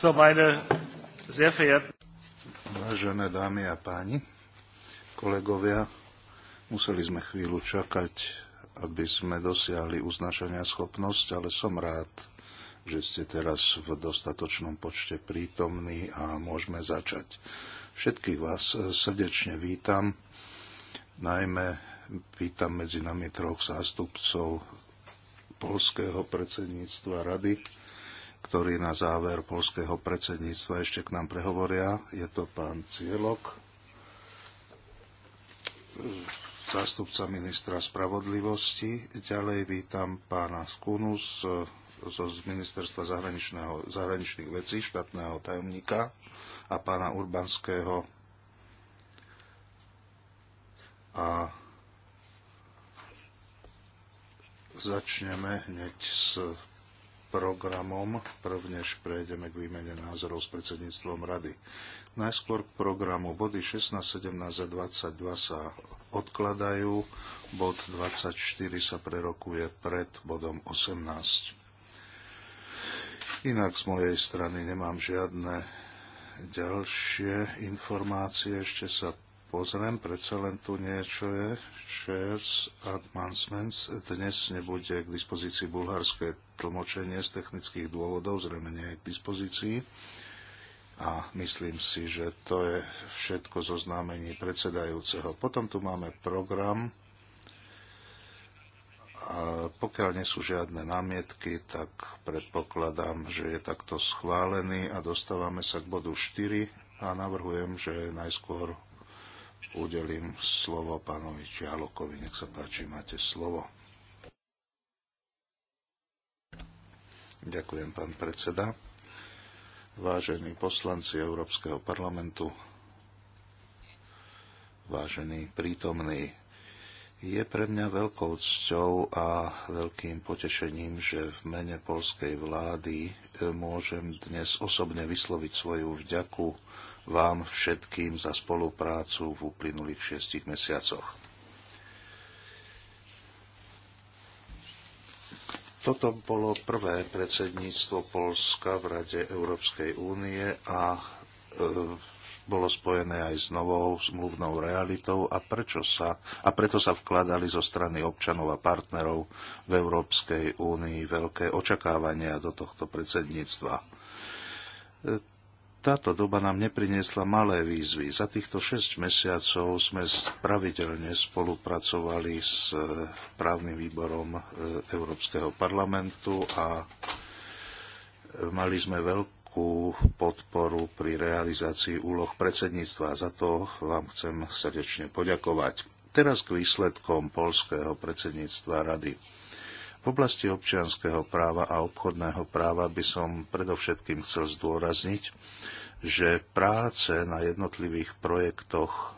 So, meine sehr verehrten... Vážené dámy a páni, kolegovia, museli sme chvíľu čakať, aby sme dosiahli uznašania schopnosť, ale som rád, že ste teraz v dostatočnom počte prítomní a môžeme začať. Všetkých vás srdečne vítam, najmä vítam medzi nami troch zástupcov polského predsedníctva rady ktorí na záver polského predsedníctva ešte k nám prehovoria. Je to pán Cielok, zástupca ministra spravodlivosti. Ďalej vítam pána Skunu z, z ministerstva zahraničných vecí, štátneho tajomníka a pána Urbanského a začneme hneď s programom, prvnež prejdeme k výmene názorov s predsedníctvom rady. Najskôr k programu. Body 16, 17 a 22 sa odkladajú, bod 24 sa prerokuje pred bodom 18. Inak z mojej strany nemám žiadne ďalšie informácie, ešte sa pozriem, predsa len tu niečo je. Shares Advancements dnes nebude k dispozícii bulharské tlmočenie z technických dôvodov zrejme nie je k dispozícii. A myslím si, že to je všetko zo známení predsedajúceho. Potom tu máme program. A pokiaľ nie sú žiadne námietky, tak predpokladám, že je takto schválený a dostávame sa k bodu 4 a navrhujem, že najskôr udelím slovo pánovi Čialokovi. Nech sa páči, máte slovo. Ďakujem, pán predseda. Vážení poslanci Európskeho parlamentu, vážení prítomní, je pre mňa veľkou cťou a veľkým potešením, že v mene polskej vlády e, môžem dnes osobne vysloviť svoju vďaku vám všetkým za spoluprácu v uplynulých šiestich mesiacoch. Toto bolo prvé predsedníctvo Polska v Rade Európskej únie a e, bolo spojené aj s novou zmluvnou realitou a, prečo sa, a preto sa vkladali zo strany občanov a partnerov v Európskej únii veľké očakávania do tohto predsedníctva. E, táto doba nám nepriniesla malé výzvy. Za týchto 6 mesiacov sme pravidelne spolupracovali s e, právnym výborom e, Európskeho parlamentu a e, mali sme veľkú podporu pri realizácii úloh predsedníctva. Za to vám chcem srdečne poďakovať. Teraz k výsledkom polského predsedníctva rady. V oblasti občianského práva a obchodného práva by som predovšetkým chcel zdôrazniť, že práce na jednotlivých projektoch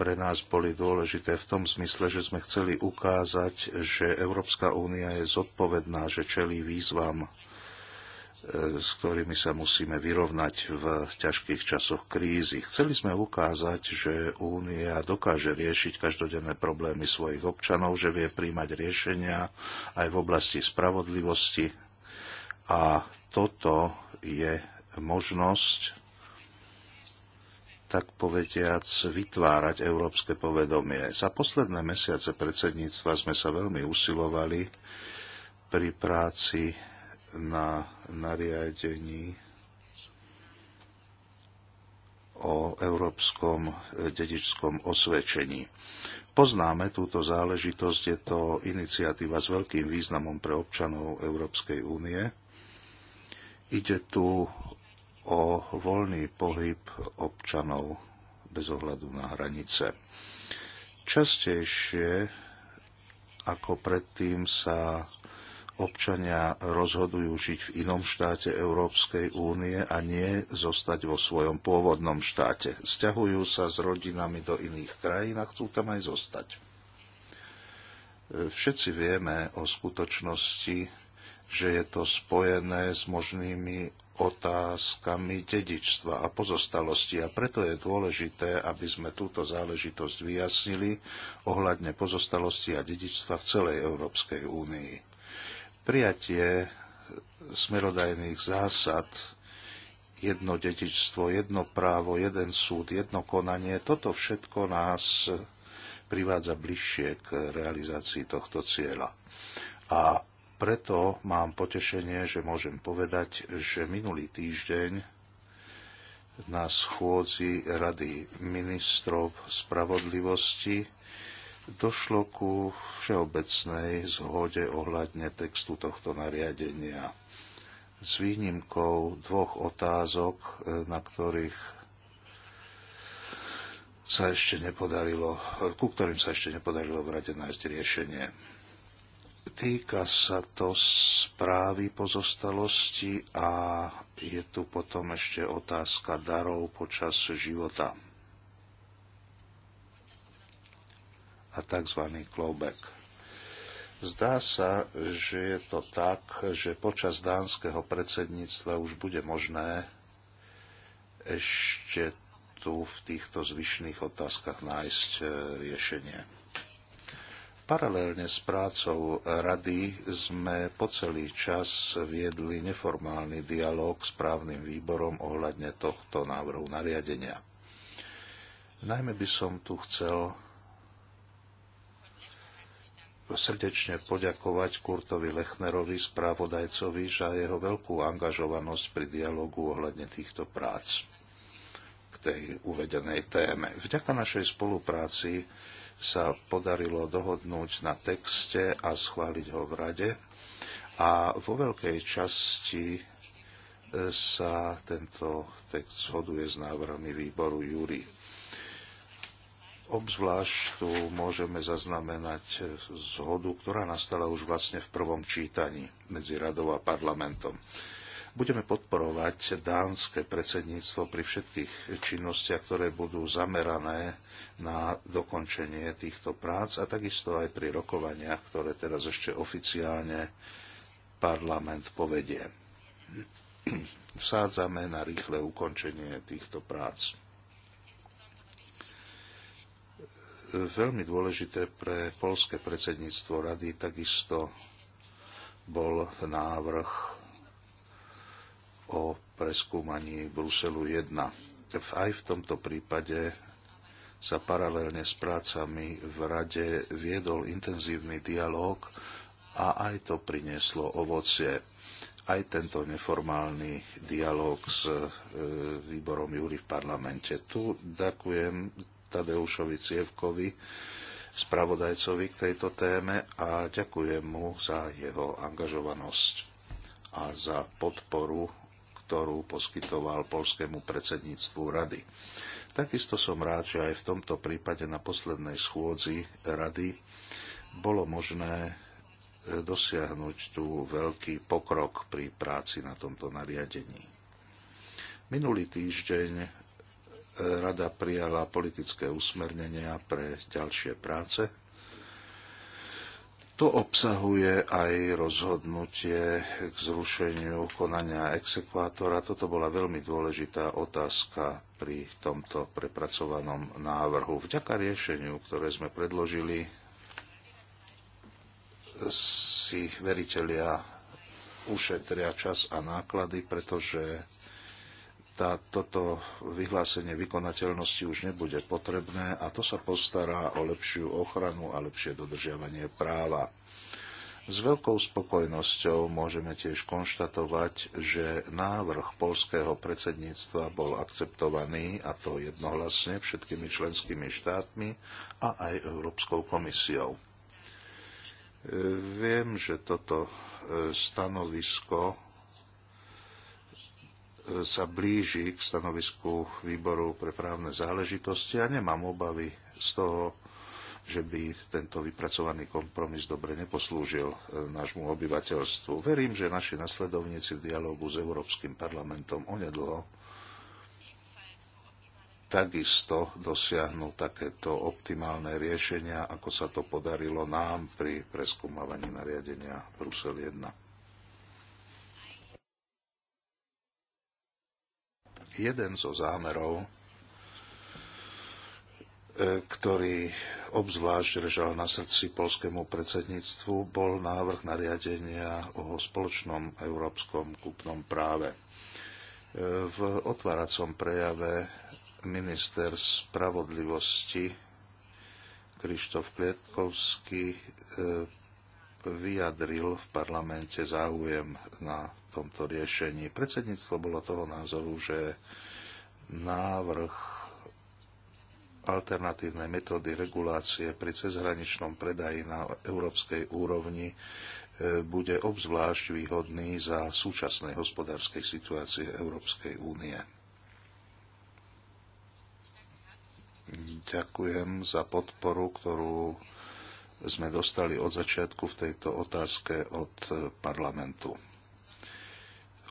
pre nás boli dôležité v tom zmysle, že sme chceli ukázať, že Európska únia je zodpovedná, že čelí výzvam E, s ktorými sa musíme vyrovnať v ťažkých časoch krízy. Chceli sme ukázať, že Únia dokáže riešiť každodenné problémy svojich občanov, že vie príjmať riešenia aj v oblasti spravodlivosti. A toto je možnosť, tak povediac, vytvárať európske povedomie. Za posledné mesiace predsedníctva sme sa veľmi usilovali pri práci na nariadení o európskom e, dedičskom osvedčení. Poznáme túto záležitosť, je to iniciatíva s veľkým významom pre občanov Európskej únie. Ide tu o voľný pohyb občanov bez ohľadu na hranice. Častejšie ako predtým sa občania rozhodujú žiť v inom štáte Európskej únie a nie zostať vo svojom pôvodnom štáte. Sťahujú sa s rodinami do iných krajín a chcú tam aj zostať. E, všetci vieme o skutočnosti, že je to spojené s možnými otázkami dedičstva a pozostalosti a preto je dôležité, aby sme túto záležitosť vyjasnili ohľadne pozostalosti a dedičstva v celej Európskej únii prijatie smerodajných zásad jedno detičstvo, jedno právo, jeden súd, jedno konanie, toto všetko nás privádza bližšie k realizácii tohto cieľa. A preto mám potešenie, že môžem povedať, že minulý týždeň na schôdzi Rady ministrov spravodlivosti došlo ku všeobecnej zhode ohľadne textu tohto nariadenia s výnimkou dvoch otázok, e, na ktorých sa ešte nepodarilo, ku ktorým sa ešte nepodarilo v rade nájsť riešenie. Týka sa to správy pozostalosti a je tu potom ešte otázka darov počas života. a tzv. klobek. Zdá sa, že je to tak, že počas dánskeho predsedníctva už bude možné ešte tu v týchto zvyšných otázkach nájsť e, riešenie. Paralelne s prácou rady sme po celý čas viedli neformálny dialog s právnym výborom ohľadne tohto návrhu nariadenia. Najmä by som tu chcel srdečne poďakovať Kurtovi Lechnerovi, správodajcovi, za jeho veľkú angažovanosť pri dialogu ohľadne týchto prác k tej uvedenej téme. Vďaka našej spolupráci sa podarilo dohodnúť na texte a schváliť ho v rade a vo veľkej časti e, sa tento text shoduje s návrhmi výboru Júri. Obzvlášť tu môžeme zaznamenať zhodu, ktorá nastala už vlastne v prvom čítaní medzi radou a parlamentom. Budeme podporovať dánske predsedníctvo pri všetkých činnostiach, ktoré budú zamerané na dokončenie týchto prác a takisto aj pri rokovaniach, ktoré teraz ešte oficiálne parlament povedie. Vsádzame na rýchle ukončenie týchto prác. veľmi dôležité pre polské predsedníctvo rady. Takisto bol návrh o preskúmaní Bruselu 1. Aj v tomto prípade sa paralelne s prácami v rade viedol intenzívny dialog a aj to prinieslo ovocie aj tento neformálny dialog s e, výborom Júri v parlamente. Tu ďakujem Tadeušovi Cievkovi, spravodajcovi k tejto téme a ďakujem mu za jeho angažovanosť a za podporu, ktorú poskytoval polskému predsedníctvu rady. Takisto som rád, že aj v tomto prípade na poslednej schôdzi rady bolo možné e, dosiahnuť tu veľký pokrok pri práci na tomto nariadení. Minulý týždeň rada prijala politické usmernenia pre ďalšie práce. To obsahuje aj rozhodnutie k zrušeniu konania exekvátora. Toto bola veľmi dôležitá otázka pri tomto prepracovanom návrhu. Vďaka riešeniu, ktoré sme predložili, si veriteľia ušetria čas a náklady, pretože tá, toto vyhlásenie vykonateľnosti už nebude potrebné a to sa postará o lepšiu ochranu a lepšie dodržiavanie práva. S veľkou spokojnosťou môžeme tiež konštatovať, že návrh polského predsedníctva bol akceptovaný, a to jednohlasne, všetkými členskými štátmi a aj Európskou komisiou. Viem, že toto e, stanovisko sa blíži k stanovisku výboru pre právne záležitosti a nemám obavy z toho, že by tento vypracovaný kompromis dobre neposlúžil e, nášmu obyvateľstvu. Verím, že naši nasledovníci v dialogu s Európskym parlamentom onedlho takisto dosiahnu takéto optimálne riešenia, ako sa to podarilo nám pri preskúmavaní nariadenia Brusel 1. jeden zo zámerov, e, ktorý obzvlášť ležal na srdci polskému predsedníctvu, bol návrh nariadenia o spoločnom európskom kúpnom práve. E, v otváracom prejave minister spravodlivosti Krištof Klietkovský e, vyjadril v parlamente záujem na tomto riešení. Predsedníctvo bolo toho názoru, že návrh alternatívnej metódy regulácie pri cezhraničnom predaji na európskej úrovni e, bude obzvlášť výhodný za súčasnej hospodárskej situácie Európskej únie. Ďakujem za podporu, ktorú sme dostali od začiatku v tejto otázke od e, parlamentu.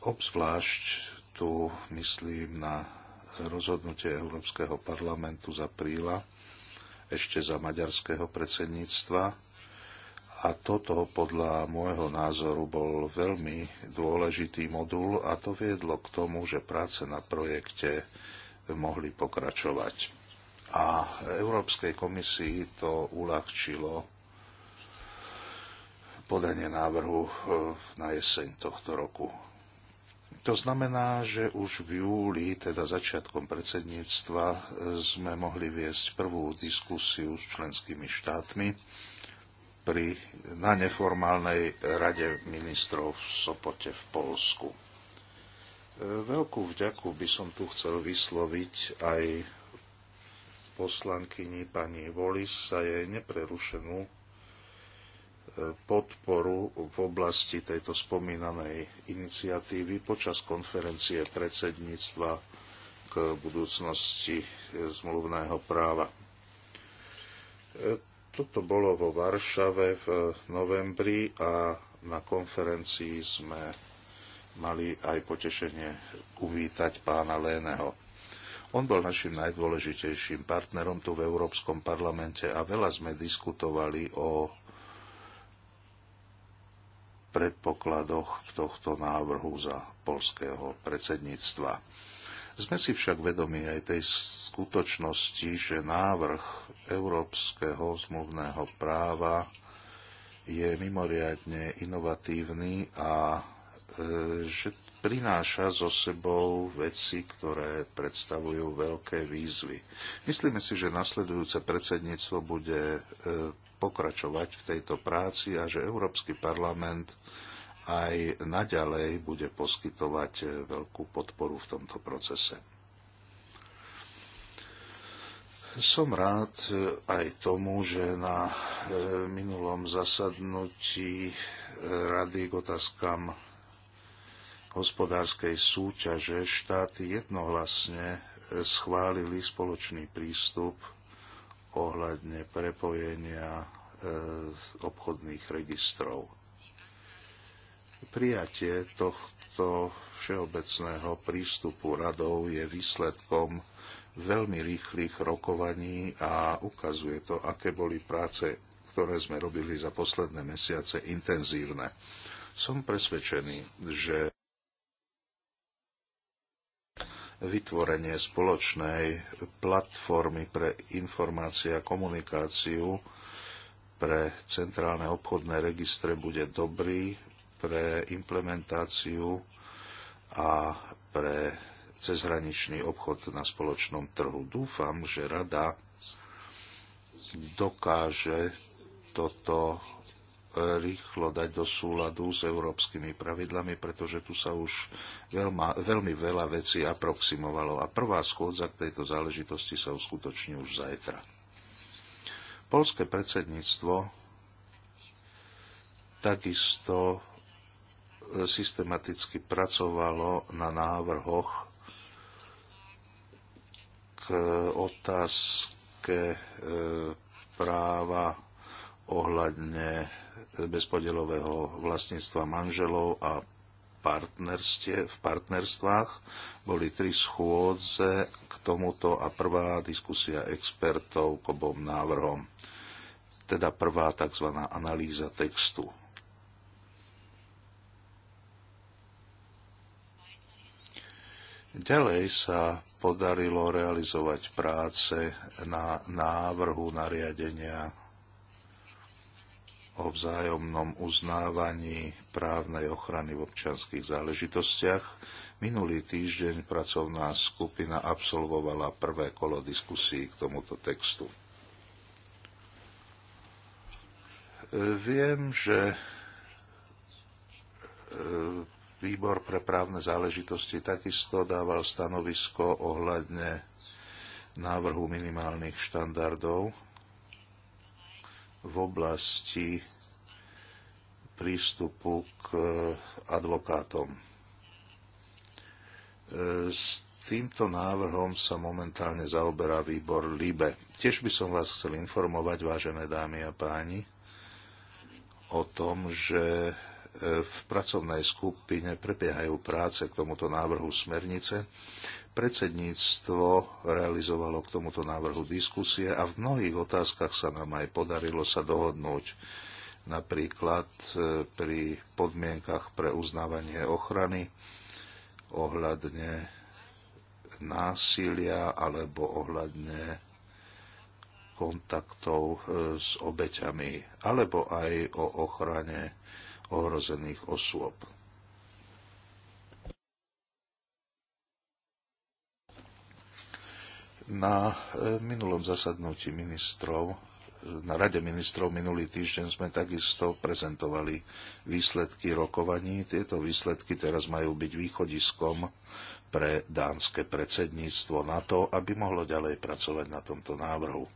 Obzvlášť tu myslím na rozhodnutie Európskeho parlamentu z apríla, ešte za maďarského predsedníctva, a toto podľa môjho názoru bol veľmi dôležitý modul a to viedlo k tomu, že práce na projekte mohli pokračovať. A Európskej komisii to uľahčilo podanie návrhu e, na jeseň tohto roku. To znamená, že už v júli, teda začiatkom predsedníctva, e, sme mohli viesť prvú diskusiu s členskými štátmi pri, na neformálnej rade ministrov v Sopote v Polsku. E, veľkú vďaku by som tu chcel vysloviť aj poslankyni pani Volis za jej neprerušenú podporu v oblasti tejto spomínanej iniciatívy počas konferencie predsedníctva k budúcnosti e, zmluvného práva. E, toto bolo vo Varšave v novembri a na konferencii sme mali aj potešenie uvítať pána Léneho. On bol našim najdôležitejším partnerom tu v Európskom parlamente a veľa sme diskutovali o predpokladoch tohto návrhu za polského predsedníctva. Sme si však vedomi aj tej skutočnosti, že návrh európskeho zmluvného práva je mimoriadne inovatívny a e, že prináša so sebou veci, ktoré predstavujú veľké výzvy. Myslíme si, že nasledujúce predsedníctvo bude e, pokračovať v tejto práci a že Európsky parlament aj naďalej bude poskytovať e, veľkú podporu v tomto procese. Som rád e, aj tomu, že na e, minulom zasadnutí Rady k otázkam hospodárskej súťaže štáty jednohlasne schválili spoločný prístup ohľadne prepojenia e, z obchodných registrov. Prijatie tohto všeobecného prístupu radov je výsledkom veľmi rýchlych rokovaní a ukazuje to, aké boli práce, ktoré sme robili za posledné mesiace intenzívne. Som presvedčený, že vytvorenie spoločnej platformy pre informácie a komunikáciu pre centrálne obchodné registre bude dobrý pre implementáciu a pre cezhraničný obchod na spoločnom trhu. Dúfam, že rada dokáže toto rýchlo dať do súladu s európskymi pravidlami, pretože tu sa už veľma, veľmi veľa vecí aproximovalo a prvá schôdza k tejto záležitosti sa uskutoční už zajtra. Polské predsedníctvo takisto e, systematicky pracovalo na návrhoch k otázke e, práva ohľadne bezpodielového vlastníctva manželov a v partnerstvách. Boli tri schôdze k tomuto a prvá diskusia expertov k obom návrhom. Teda prvá tzv. analýza textu. Ďalej sa podarilo realizovať práce na návrhu nariadenia o vzájomnom uznávaní právnej ochrany v občanských záležitostiach. Minulý týždeň pracovná skupina absolvovala prvé kolo diskusí k tomuto textu. Viem, že e, výbor pre právne záležitosti takisto dával stanovisko ohľadne návrhu minimálnych štandardov v oblasti prístupu k eh, advokátom. Eh, s týmto návrhom sa momentálne zaoberá výbor LIBE. Tiež by som vás chcel informovať, vážené dámy a páni, o tom, že eh, v pracovnej skupine prebiehajú práce k tomuto návrhu smernice predsedníctvo realizovalo k tomuto návrhu diskusie a v mnohých otázkach sa nám aj podarilo sa dohodnúť. Napríklad e, pri podmienkach pre uznávanie ochrany ohľadne násilia alebo ohľadne kontaktov e, s obeťami alebo aj o ochrane ohrozených osôb. Na e, minulom zasadnutí ministrov, e, na Rade ministrov minulý týždeň sme takisto prezentovali výsledky rokovaní. Tieto výsledky teraz majú byť východiskom pre dánske predsedníctvo na to, aby mohlo ďalej pracovať na tomto návrhu.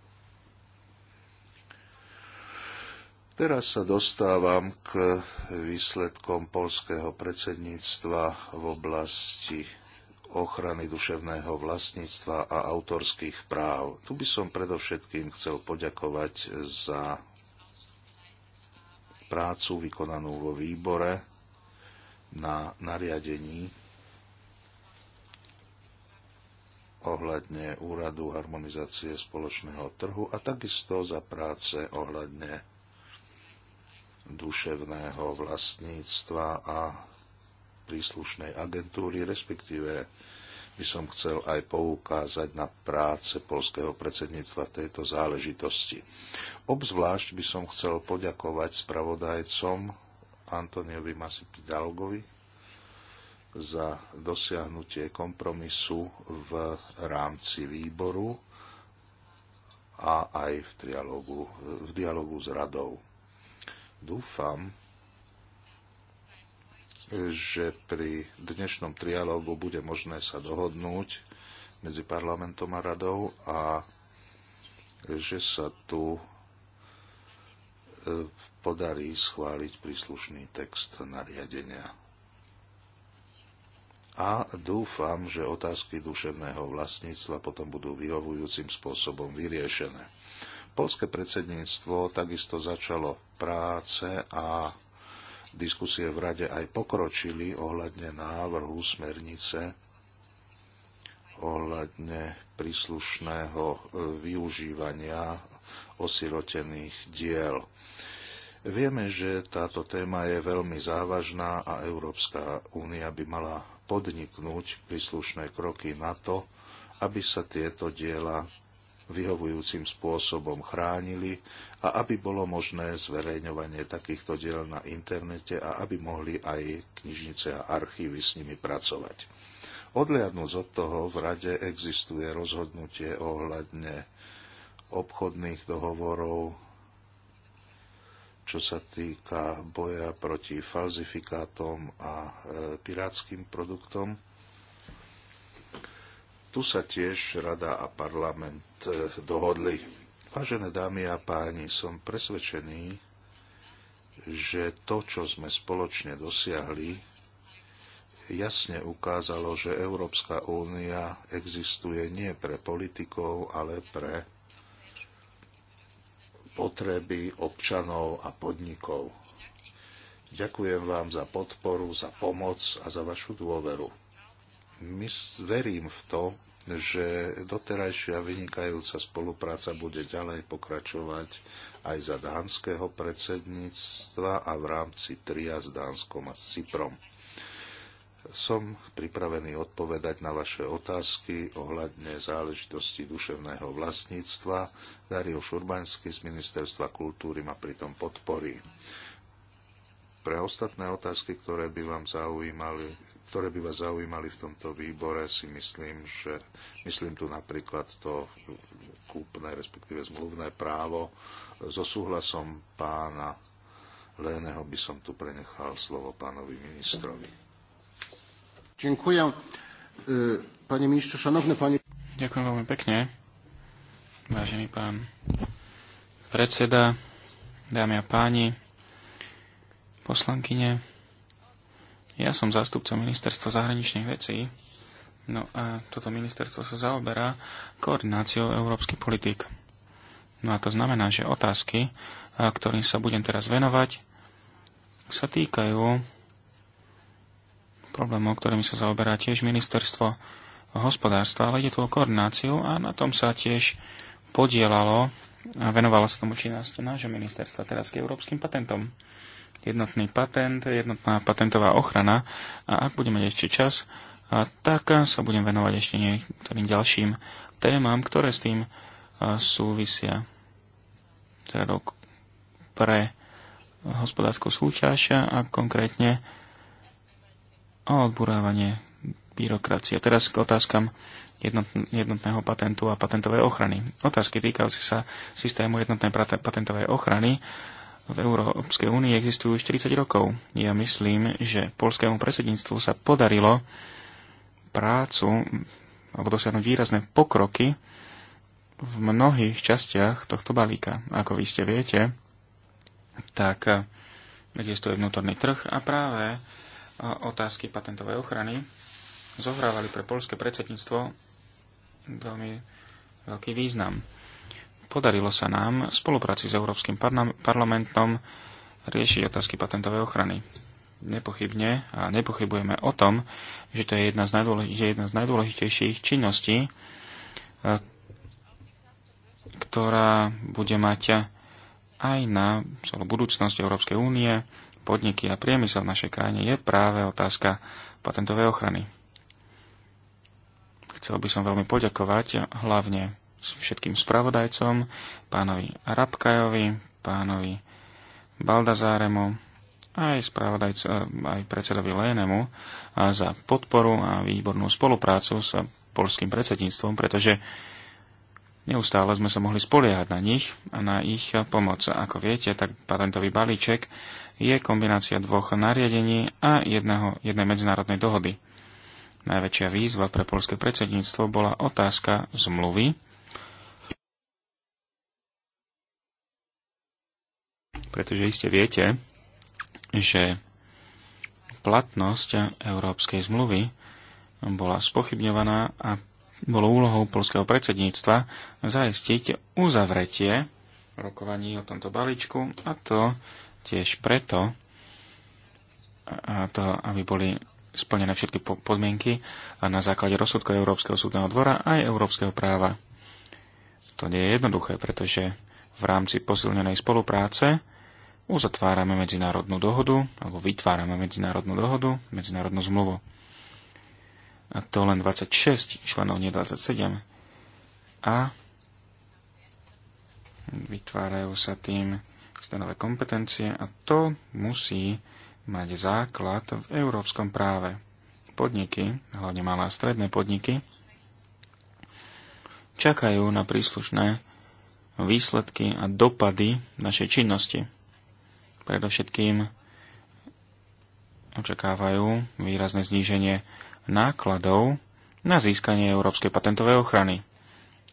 Teraz sa dostávam k výsledkom polského predsedníctva v oblasti ochrany duševného vlastníctva a autorských práv. Tu by som predovšetkým chcel poďakovať za prácu vykonanú vo výbore na nariadení ohľadne úradu harmonizácie spoločného trhu a takisto za práce ohľadne duševného vlastníctva a príslušnej agentúry, respektíve by som chcel aj poukázať na práce polského predsedníctva v tejto záležitosti. Obzvlášť by som chcel poďakovať spravodajcom Antoniovi Masipidalgovi za dosiahnutie kompromisu v rámci výboru a aj v, trialogu, v dialogu s radou. Dúfam, že pri dnešnom trialógu bude možné sa dohodnúť medzi parlamentom a radou a že sa tu e, podarí schváliť príslušný text nariadenia. A dúfam, že otázky duševného vlastníctva potom budú vyhovujúcim spôsobom vyriešené. Polské predsedníctvo takisto začalo práce a diskusie v rade aj pokročili ohľadne návrhu smernice ohľadne príslušného e, využívania osirotených diel. Vieme, že táto téma je veľmi závažná a Európska únia by mala podniknúť príslušné kroky na to, aby sa tieto diela vyhovujúcim spôsobom chránili a aby bolo možné zverejňovanie takýchto diel na internete a aby mohli aj knižnice a archívy s nimi pracovať. Odliadnúc od toho, v Rade existuje rozhodnutie ohľadne obchodných dohovorov, čo sa týka boja proti falzifikátom a e, pirátským produktom. Tu sa tiež Rada a parlament e, dohodli. Vážené dámy a páni, som presvedčený, že to, čo sme spoločne dosiahli, jasne ukázalo, že Európska únia existuje nie pre politikov, ale pre potreby občanov a podnikov. Ďakujem vám za podporu, za pomoc a za vašu dôveru. My verím v to, že doterajšia vynikajúca spolupráca bude ďalej pokračovať aj za dánskeho predsedníctva a v rámci tria s Dánskom a s Cyprom. Som pripravený odpovedať na vaše otázky ohľadne záležitosti duševného vlastníctva. Dario Šurbaňský z Ministerstva kultúry ma pritom podporí. Pre ostatné otázky, ktoré by vám zaujímali, ktoré by vás zaujímali v tomto výbore, si myslím, že myslím tu napríklad to kúpne, respektíve zmluvné právo. So súhlasom pána Léneho by som tu prenechal slovo pánovi ministrovi. Ďakujem. E, Pane ministře, šanovné pani... Ďakujem veľmi pekne, vážený pán predseda, dámy a páni, poslankyne, ja som zástupcom ministerstva zahraničných vecí. No a toto ministerstvo sa zaoberá koordináciou európskych politik. No a to znamená, že otázky, ktorým sa budem teraz venovať, sa týkajú problémov, ktorými sa zaoberá tiež ministerstvo hospodárstva, ale ide tu o koordináciu a na tom sa tiež podielalo a venovalo sa tomu činnosť nášho ministerstva teraz k európskym patentom jednotný patent, jednotná patentová ochrana a ak budeme mať ešte čas, a tak sa budem venovať ešte niektorým ďalším témam, ktoré s tým súvisia. Teda rok pre hospodárskú súťaž a konkrétne o odburávanie byrokracie. Teraz k otázkam jednotného patentu a patentovej ochrany. Otázky týkajúce sa systému jednotnej patentovej ochrany v Európskej únii existujú už 40 rokov. Ja myslím, že polskému predsedníctvu sa podarilo prácu alebo dosiahnuť výrazné pokroky v mnohých častiach tohto balíka. Ako vy ste viete, tak eh, existuje vnútorný trh a práve eh, otázky patentovej ochrany zohrávali pre polské predsedníctvo veľmi veľký význam. Podarilo sa nám v spolupráci s Európskym parlamentom riešiť otázky patentovej ochrany. Nepochybne a nepochybujeme o tom, že to je jedna z, najdôležitejších, jedna z najdôležitejších činností, e, ktorá bude mať aj na celú budúcnosť Európskej únie, podniky a priemysel v našej krajine je práve otázka patentovej ochrany. Chcel by som veľmi poďakovať hlavne všetkým spravodajcom, pánovi Rabkajovi, pánovi Baldazáremu, aj, aj predsedovi Lénemu za podporu a výbornú spoluprácu s polským predsedníctvom, pretože Neustále sme sa mohli spoliehať na nich a na ich pomoc. Ako viete, tak patentový balíček je kombinácia dvoch nariadení a jedného, jednej medzinárodnej dohody. Najväčšia výzva pre polské predsedníctvo bola otázka zmluvy pretože iste viete, že platnosť Európskej zmluvy bola spochybňovaná a bolo úlohou polského predsedníctva zaistiť uzavretie rokovaní o tomto balíčku a to tiež preto, a to, aby boli splnené všetky podmienky a na základe rozsudku Európskeho súdneho dvora aj európskeho práva. To nie je jednoduché, pretože v rámci posilnenej spolupráce uzatvárame medzinárodnú dohodu, alebo vytvárame medzinárodnú dohodu, medzinárodnú zmluvu. A to len 26 členov, nie 27. A vytvárajú sa tým stanové kompetencie a to musí mať základ v európskom práve. Podniky, hlavne malé a stredné podniky, čakajú na príslušné výsledky a dopady našej činnosti predovšetkým očakávajú výrazné zníženie nákladov na získanie európskej patentovej ochrany.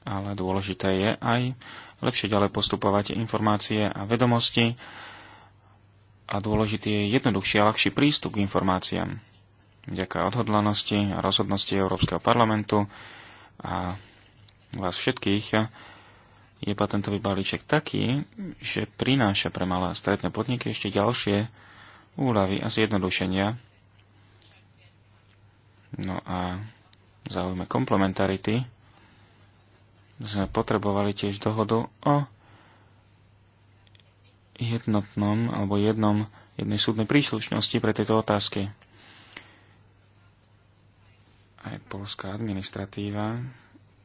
Ale dôležité je aj lepšie ďalej postupovať informácie a vedomosti a dôležitý je jednoduchší a ľahší prístup k informáciám. Vďaka odhodlanosti a rozhodnosti Európskeho parlamentu a vás všetkých je patentový balíček taký, že prináša pre malé a stredné podniky ešte ďalšie úľavy a zjednodušenia. No a záujme komplementarity sme potrebovali tiež dohodu o jednotnom alebo jednom, jednej súdnej príslušnosti pre tieto otázky. Aj polská administratíva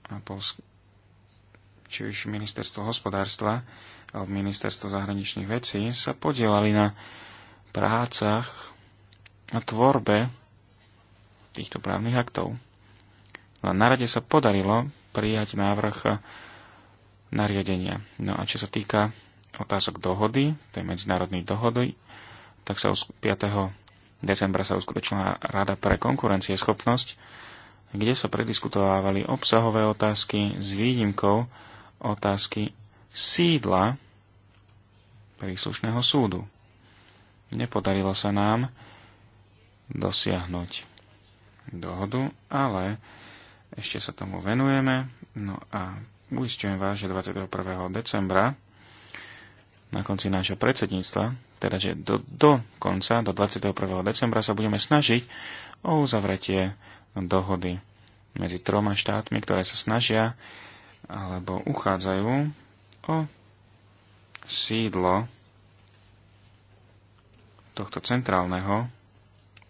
a polská či už ministerstvo hospodárstva alebo ministerstvo zahraničných vecí sa podielali na prácach a tvorbe týchto právnych aktov. Len no na rade sa podarilo prijať návrh nariadenia. No a čo sa týka otázok dohody, tej medzinárodnej dohody, tak sa 5. decembra sa uskutočnila Rada pre konkurencieschopnosť, kde sa prediskutovávali obsahové otázky s výnimkou otázky sídla príslušného súdu. Nepodarilo sa nám dosiahnuť dohodu, ale ešte sa tomu venujeme. No a uistujem vás, že 21. decembra na konci nášho predsedníctva, teda že do, do konca, do 21. decembra sa budeme snažiť o uzavretie dohody medzi troma štátmi, ktoré sa snažia alebo uchádzajú o sídlo tohto centrálneho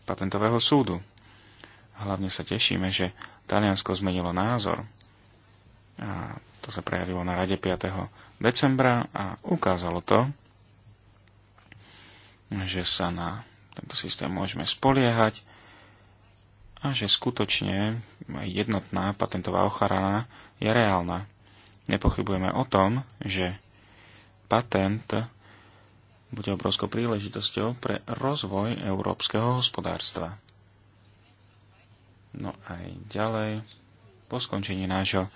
patentového súdu. Hlavne sa tešíme, že Taliansko zmenilo názor. A to sa prejavilo na rade 5. decembra a ukázalo to, že sa na tento systém môžeme spoliehať a že skutočne jednotná patentová ochrana je reálna. Nepochybujeme o tom, že patent bude obrovskou príležitosťou pre rozvoj európskeho hospodárstva. No aj ďalej, po skončení nášho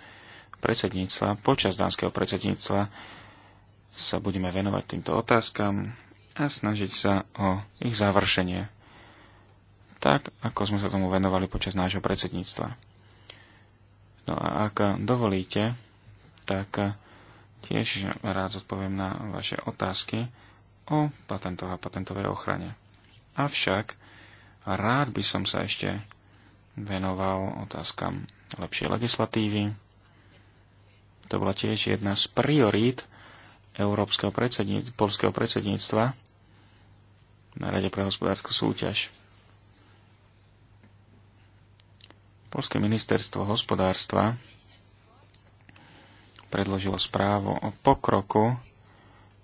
predsedníctva, počas dánskeho predsedníctva, sa budeme venovať týmto otázkam a snažiť sa o ich završenie tak ako sme sa tomu venovali počas nášho predsedníctva. No a ak dovolíte, tak tiež rád zodpoviem na vaše otázky o patentoch a patentovej ochrane. Avšak rád by som sa ešte venoval otázkam lepšej legislatívy. To bola tiež jedna z priorít Európskeho predsedníctva, polského predsedníctva na Rade pre hospodárskú súťaž. Polské ministerstvo hospodárstva predložilo správu o pokroku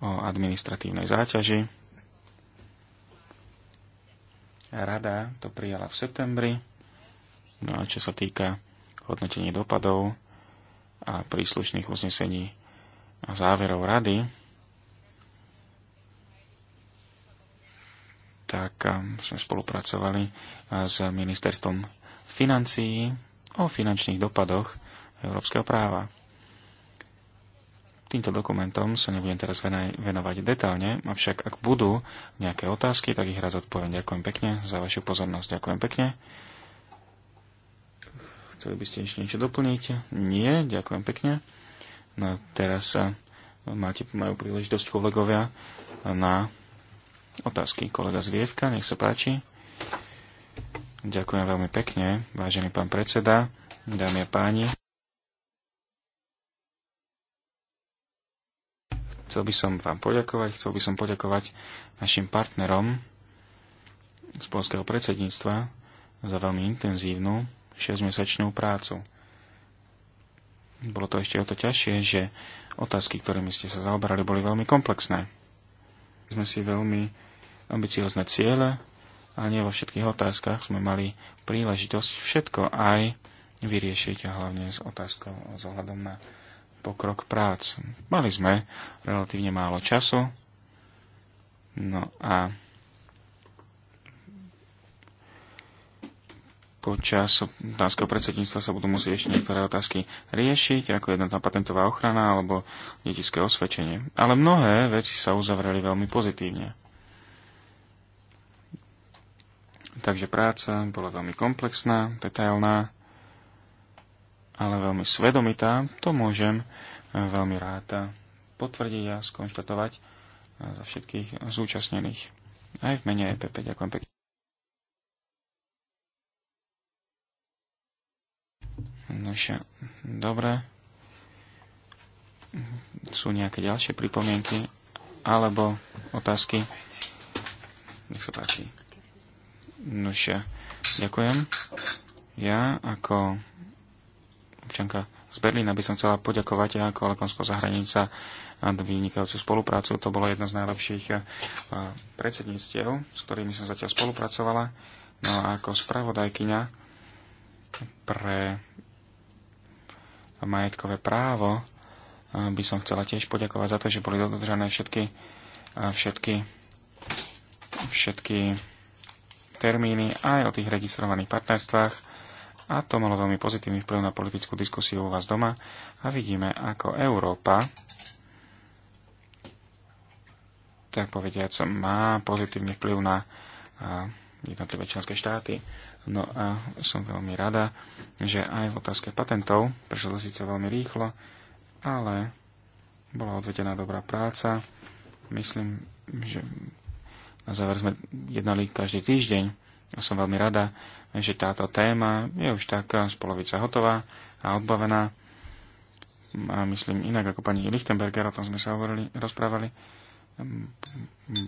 o administratívnej záťaži. Rada to prijala v septembri. No a čo sa týka hodnotení dopadov a príslušných uznesení a záverov rady, tak um, sme spolupracovali uh, s ministerstvom financií o finančných dopadoch európskeho práva. Týmto dokumentom sa nebudem teraz venovať detálne, avšak ak budú nejaké otázky, tak ich raz odpoviem. Ďakujem pekne za vašu pozornosť. Ďakujem pekne. Chceli by ste ešte niečo doplniť? Nie, ďakujem pekne. No teraz eh, máte, majú príležitosť kolegovia na otázky. Kolega Zvievka, nech sa páči. Ďakujem veľmi pekne, vážený pán predseda, dámy a páni. Chcel by som vám poďakovať, chcel by som poďakovať našim partnerom z polského predsedníctva za veľmi intenzívnu 6-mesačnú prácu. Bolo to ešte o to ťažšie, že otázky, ktorými ste sa zaoberali, boli veľmi komplexné. Sme si veľmi ambiciozne ciele a nie vo všetkých otázkach sme mali príležitosť všetko aj vyriešiť a hlavne s otázkou s ohľadom na pokrok prác. Mali sme relatívne málo času, no a počas dánskeho predsedníctva sa budú musieť ešte niektoré otázky riešiť, ako jedna tá patentová ochrana alebo detické osvedčenie. Ale mnohé veci sa uzavreli veľmi pozitívne. Takže práca bola veľmi komplexná, detailná, ale veľmi svedomitá. To môžem e, veľmi rád potvrdiť a skonštatovať e, za všetkých zúčastnených. Aj v mene EPP. Ďakujem pekne. Nože, dobre. Sú nejaké ďalšie pripomienky alebo otázky? Nech sa páči. Nož, ďakujem. Ja ako občanka z Berlína by som chcela poďakovať ja ako Lekonsko zahranica a vynikajúcu spoluprácu. To bolo jedno z najlepších eh, predsedníctiev, s ktorými som zatiaľ spolupracovala. No a ako spravodajkyňa pre majetkové právo eh, by som chcela tiež poďakovať za to, že boli dodržané všetky, eh, všetky, všetky termíny aj o tých registrovaných partnerstvách a to malo veľmi pozitívny vplyv na politickú diskusiu u vás doma a vidíme, ako Európa tak povediac, má pozitívny vplyv na jednotlivé členské štáty. No a som veľmi rada, že aj v otázke patentov prešlo síce veľmi rýchlo, ale bola odvedená dobrá práca. Myslím, že na záver sme jednali každý týždeň. A som veľmi rada, že táto téma je už taká spolovica hotová a odbavená. A myslím inak ako pani Lichtenberger, o tom sme sa hovorili, rozprávali.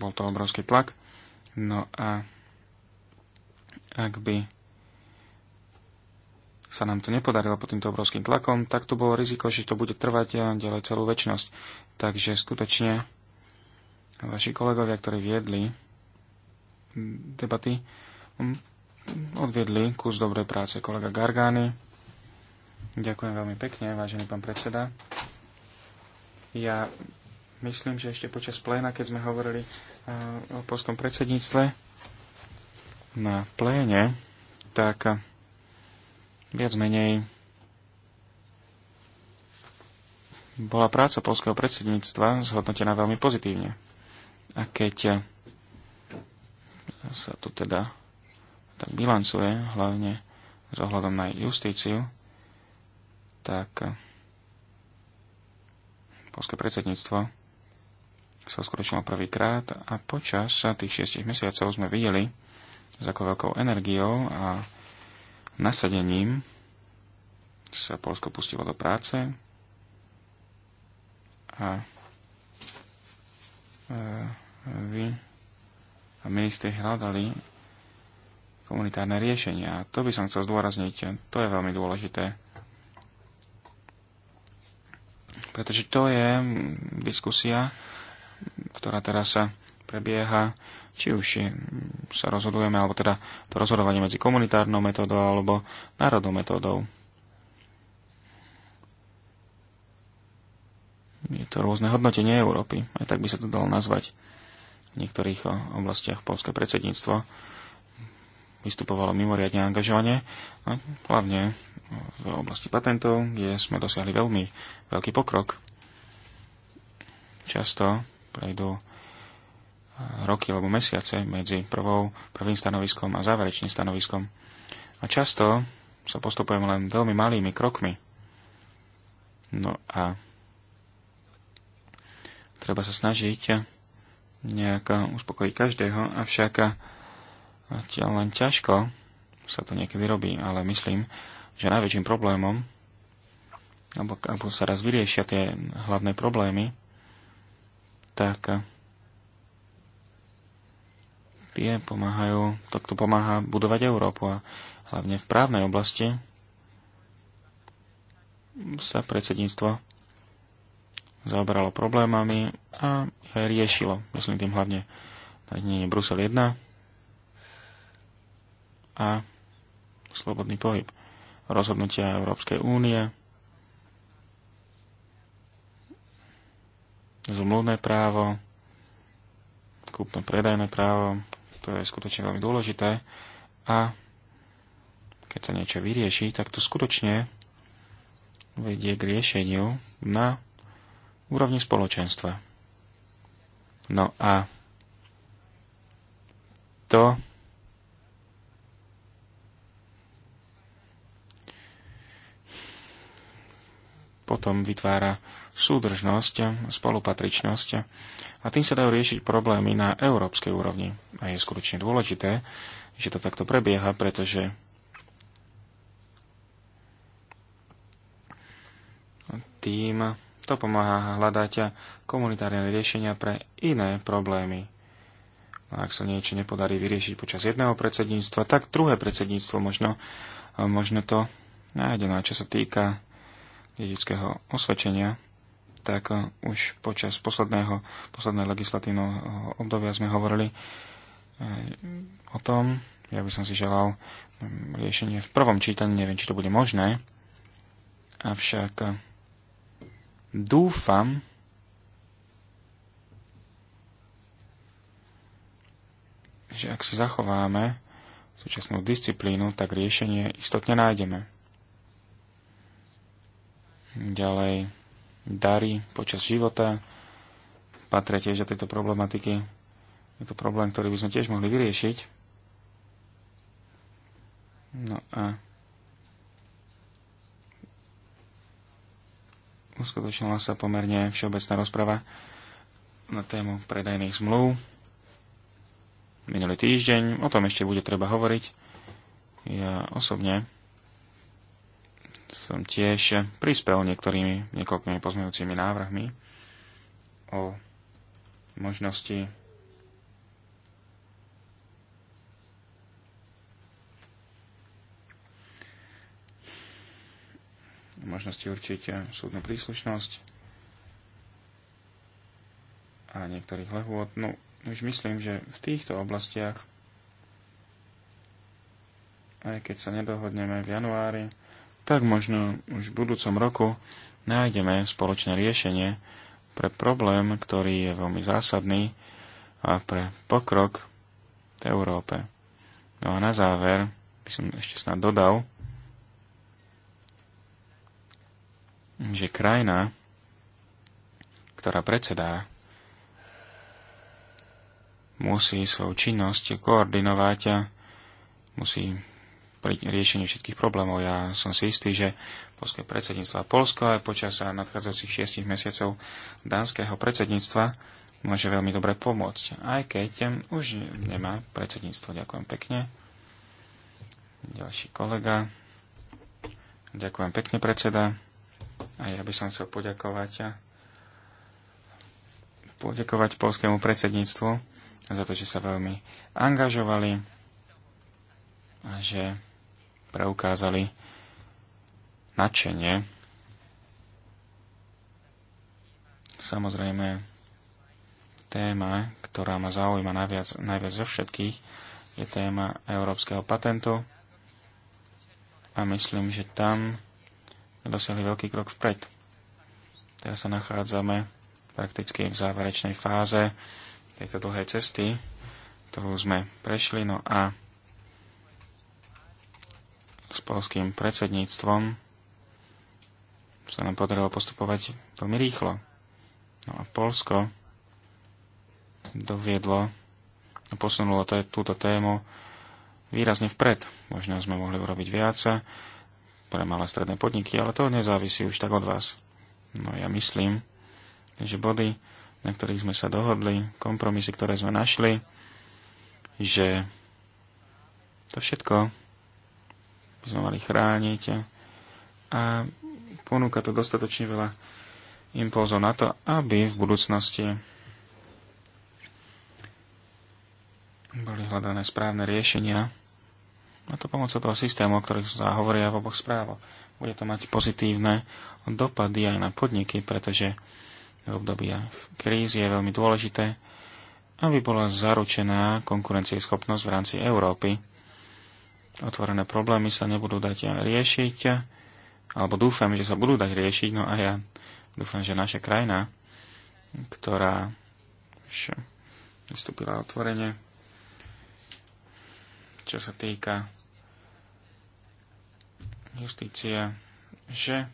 Bol to obrovský tlak. No a ak by sa nám to nepodarilo pod týmto obrovským tlakom, tak tu bolo riziko, že to bude trvať ďalej celú väčnosť. Takže skutočne vaši kolegovia, ktorí viedli debaty odviedli kus dobrej práce kolega Gargány. Ďakujem veľmi pekne, vážený pán predseda. Ja myslím, že ešte počas pléna, keď sme hovorili o polskom predsedníctve na pléne, tak viac menej bola práca polského predsedníctva zhodnotená veľmi pozitívne. A keď sa tu teda tak bilancuje, hlavne s ohľadom na justíciu, tak eh, polské predsedníctvo sa uskutočnilo prvýkrát a počas tých šiestich mesiacov sme videli, s ako veľkou energiou a nasadením sa Polsko pustilo do práce a eh, vy a ministri hľadali komunitárne riešenia. To by som chcel zdôrazniť. To je veľmi dôležité. Pretože to je diskusia, ktorá teraz sa prebieha, či už sa rozhodujeme, alebo teda to rozhodovanie medzi komunitárnou metódou alebo národnou metódou. Je to rôzne hodnotenie Európy, aj tak by sa to dalo nazvať v niektorých eh, oblastiach polské predsedníctvo vystupovalo mimoriadne angažovanie, no, hlavne eh, v oblasti patentov, kde sme dosiahli veľmi veľký pokrok. Často prejdú eh, roky alebo mesiace medzi prvou, prvým stanoviskom a záverečným stanoviskom. A často sa postupujeme len veľmi malými krokmi. No a treba sa snažiť nejako uspokojiť každého, avšak len ťažko sa to niekedy robí, ale myslím, že najväčším problémom, alebo, ako sa raz vyriešia tie hlavné problémy, tak tie pomáhajú, tak to pomáha budovať Európu a hlavne v právnej oblasti sa predsedníctvo zaoberalo problémami a riešilo, myslím tým hlavne nariadenie Brusel 1 a slobodný pohyb. Rozhodnutia Európskej únie, zmluvné právo, kúpno-predajné právo, ktoré je skutočne veľmi dôležité a keď sa niečo vyrieši, tak to skutočne vedie k riešeniu na úrovni spoločenstva. No a to potom vytvára súdržnosť, spolupatričnosť a tým sa dajú riešiť problémy na európskej úrovni. A je skutočne dôležité, že to takto prebieha, pretože tým to pomáha hľadať komunitárne riešenia pre iné problémy. A no, ak sa niečo nepodarí vyriešiť počas jedného predsedníctva, tak druhé predsedníctvo možno, možno to nájde. No a čo sa týka dedického osvedčenia, tak eh, už počas posledného, posledného legislatívneho obdobia sme hovorili eh, o tom, ja by som si želal mm, riešenie v prvom čítaní, neviem, či to bude možné, avšak eh, Dúfam, že ak si zachováme súčasnú disciplínu, tak riešenie istotne nájdeme. Ďalej, dary počas života patria tiež do tejto problematiky. Je to problém, ktorý by sme tiež mohli vyriešiť. No a uskutočnila sa pomerne všeobecná rozprava na tému predajných zmluv. Minulý týždeň, o tom ešte bude treba hovoriť. Ja osobne som tiež prispel niektorými, niekoľkými pozmejúcimi návrhmi o možnosti možnosti určiť súdnu príslušnosť a niektorých lehôd. No, už myslím, že v týchto oblastiach, aj keď sa nedohodneme v januári, tak možno už v budúcom roku nájdeme spoločné riešenie pre problém, ktorý je veľmi zásadný a pre pokrok v Európe. No a na záver by som ešte snad dodal, že krajina, ktorá predsedá, musí svoju činnosť koordinovať, a musí riešenie všetkých problémov. Ja som si istý, že posle predsedníctva Polsko aj počas nadchádzajúcich šiestich mesiacov dánskeho predsedníctva môže veľmi dobre pomôcť, aj keď už nemá predsedníctvo. Ďakujem pekne. Ďalší kolega. Ďakujem pekne, predseda. A ja by som chcel poďakovať a poďakovať polskému predsedníctvu za to, že sa veľmi angažovali a že preukázali nadšenie. Samozrejme, téma, ktorá ma zaujíma najviac, najviac zo všetkých, je téma európskeho patentu. A myslím, že tam dosiahli veľký krok vpred. Teraz sa nachádzame prakticky v záverečnej fáze tejto dlhej cesty, ktorú sme prešli, no a s polským predsedníctvom sa nám podarilo postupovať veľmi rýchlo. No a Polsko doviedlo a posunulo túto tému výrazne vpred. Možno sme mohli urobiť viac, pre malé stredné podniky, ale to nezávisí už tak od vás. No ja myslím, že body, na ktorých sme sa dohodli, kompromisy, ktoré sme našli, že to všetko by sme mali chrániť a ponúka to dostatočne veľa impulzov na to, aby v budúcnosti boli hľadané správne riešenia a to pomocou toho systému, o ktorých sa hovoria v oboch správach. Bude to mať pozitívne dopady aj na podniky, pretože v období krízy je veľmi dôležité, aby bola zaručená konkurencieschopnosť v rámci Európy. Otvorené problémy sa nebudú dať riešiť, alebo dúfam, že sa budú dať riešiť, no a ja dúfam, že naša krajina, ktorá vystúpila otvorene, čo sa týka justícia, že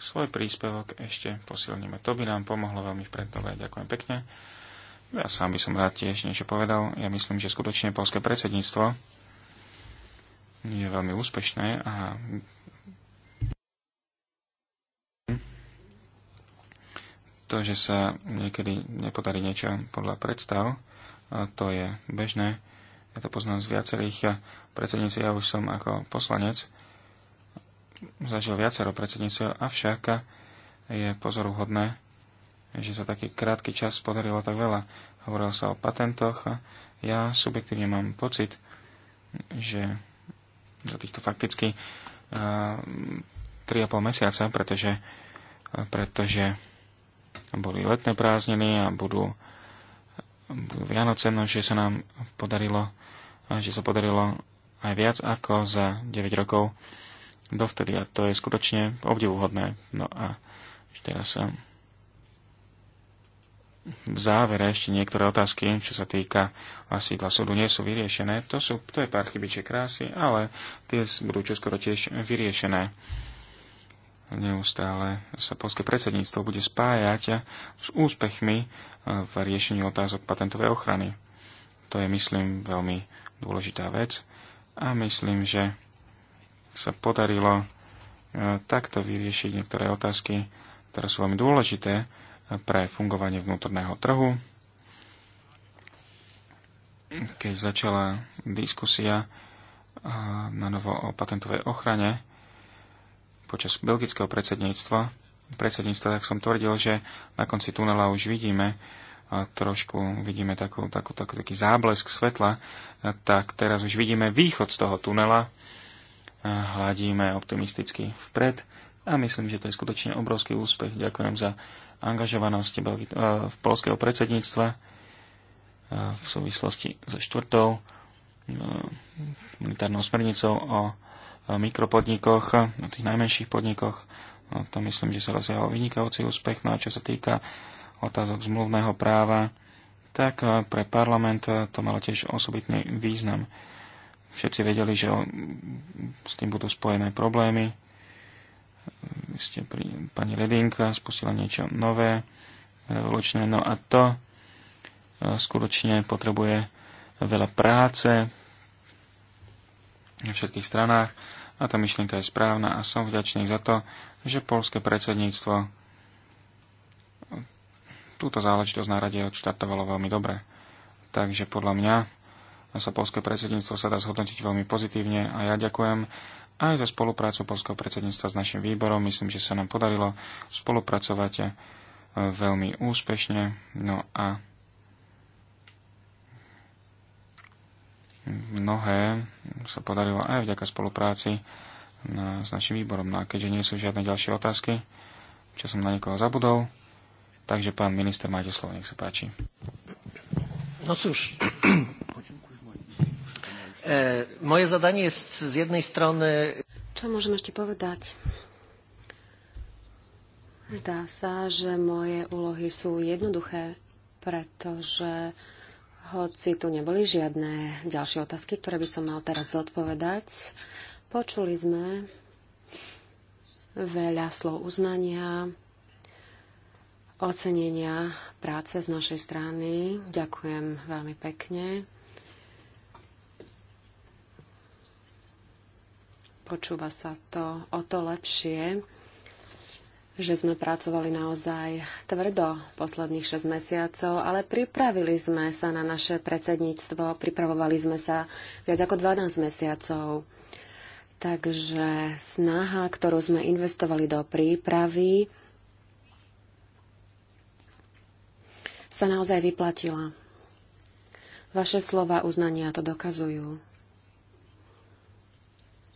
svoj príspevok ešte posilníme. To by nám pomohlo veľmi v Ďakujem pekne. Ja sám by som rád tiež niečo povedal. Ja myslím, že skutočne polské predsedníctvo je veľmi úspešné a to, že sa niekedy nepodarí niečo podľa predstav, to je bežné. Ja to poznám z viacerých predsedníci, ja už som ako poslanec zažil viacero predsedníctv, avšak je pozoruhodné, že za taký krátky čas podarilo tak veľa. Hovorilo sa o patentoch. Ja subjektívne mám pocit, že za týchto fakticky 3,5 mesiaca, pretože, pretože boli letné prázdniny a budú, budú Vianoce, no že sa nám podarilo, že sa podarilo aj viac ako za 9 rokov dovtedy a to je skutočne obdivuhodné. No a ešte teraz sa eh, v závere ešte niektoré otázky, čo sa týka sídla súdu, nie sú vyriešené. To, sú, to je pár chybiček krásy, ale tie budú čoskoro tiež vyriešené. Neustále sa polské predsedníctvo bude spájať s úspechmi eh, v riešení otázok patentovej ochrany. To je, myslím, veľmi dôležitá vec a myslím, že sa podarilo e, takto vyriešiť niektoré otázky, ktoré sú veľmi dôležité pre fungovanie vnútorného trhu. Keď začala diskusia e, na novo o patentovej ochrane počas belgického predsedníctva, predsedníctva, tak som tvrdil, že na konci tunela už vidíme a e, trošku, vidíme takú, takú, takú, taký záblesk svetla, tak teraz už vidíme východ z toho tunela hladíme optimisticky vpred a myslím, že to je skutočne obrovský úspech. Ďakujem za angažovanosť e, v polského predsedníctva e, v súvislosti so štvrtou e, militárnou smernicou o mikropodnikoch, o tých najmenších podnikoch. To myslím, že sa rozjahol vynikajúci úspech. No a čo sa týka otázok zmluvného práva, tak pre parlament to malo tiež osobitný význam. Všetci vedeli, že s tým budú spojené problémy. Ste pri, pani Redinka spustila niečo nové, revolučné. No a to e, skutočne potrebuje veľa práce na všetkých stranách a tá myšlienka je správna a som vďačný za to, že polské predsedníctvo túto záležitosť na rade odštartovalo veľmi dobre. Takže podľa mňa sa polské predsedníctvo sa dá zhodnotiť veľmi pozitívne a ja ďakujem aj za spoluprácu polského predsedníctva s našim výborom. Myslím, že sa nám podarilo spolupracovať eh, veľmi úspešne. No a mnohé sa podarilo aj vďaka spolupráci na, s našim výborom. No a keďže nie sú žiadne ďalšie otázky, čo som na niekoho zabudol, takže pán minister, máte slovo, nech sa páči. No cóż, E, moje zadanie jest z jednej strony... Čo môžem ešte povedať? Zdá sa, že moje úlohy sú jednoduché, pretože hoci tu neboli žiadne ďalšie otázky, ktoré by som mal teraz zodpovedať, počuli sme veľa slov uznania, ocenenia práce z našej strany. Ďakujem veľmi pekne. počúva sa to o to lepšie, že sme pracovali naozaj tvrdo posledných 6 mesiacov, ale pripravili sme sa na naše predsedníctvo, pripravovali sme sa viac ako 12 mesiacov. Takže snaha, ktorú sme investovali do prípravy, sa naozaj vyplatila. Vaše slova uznania to dokazujú.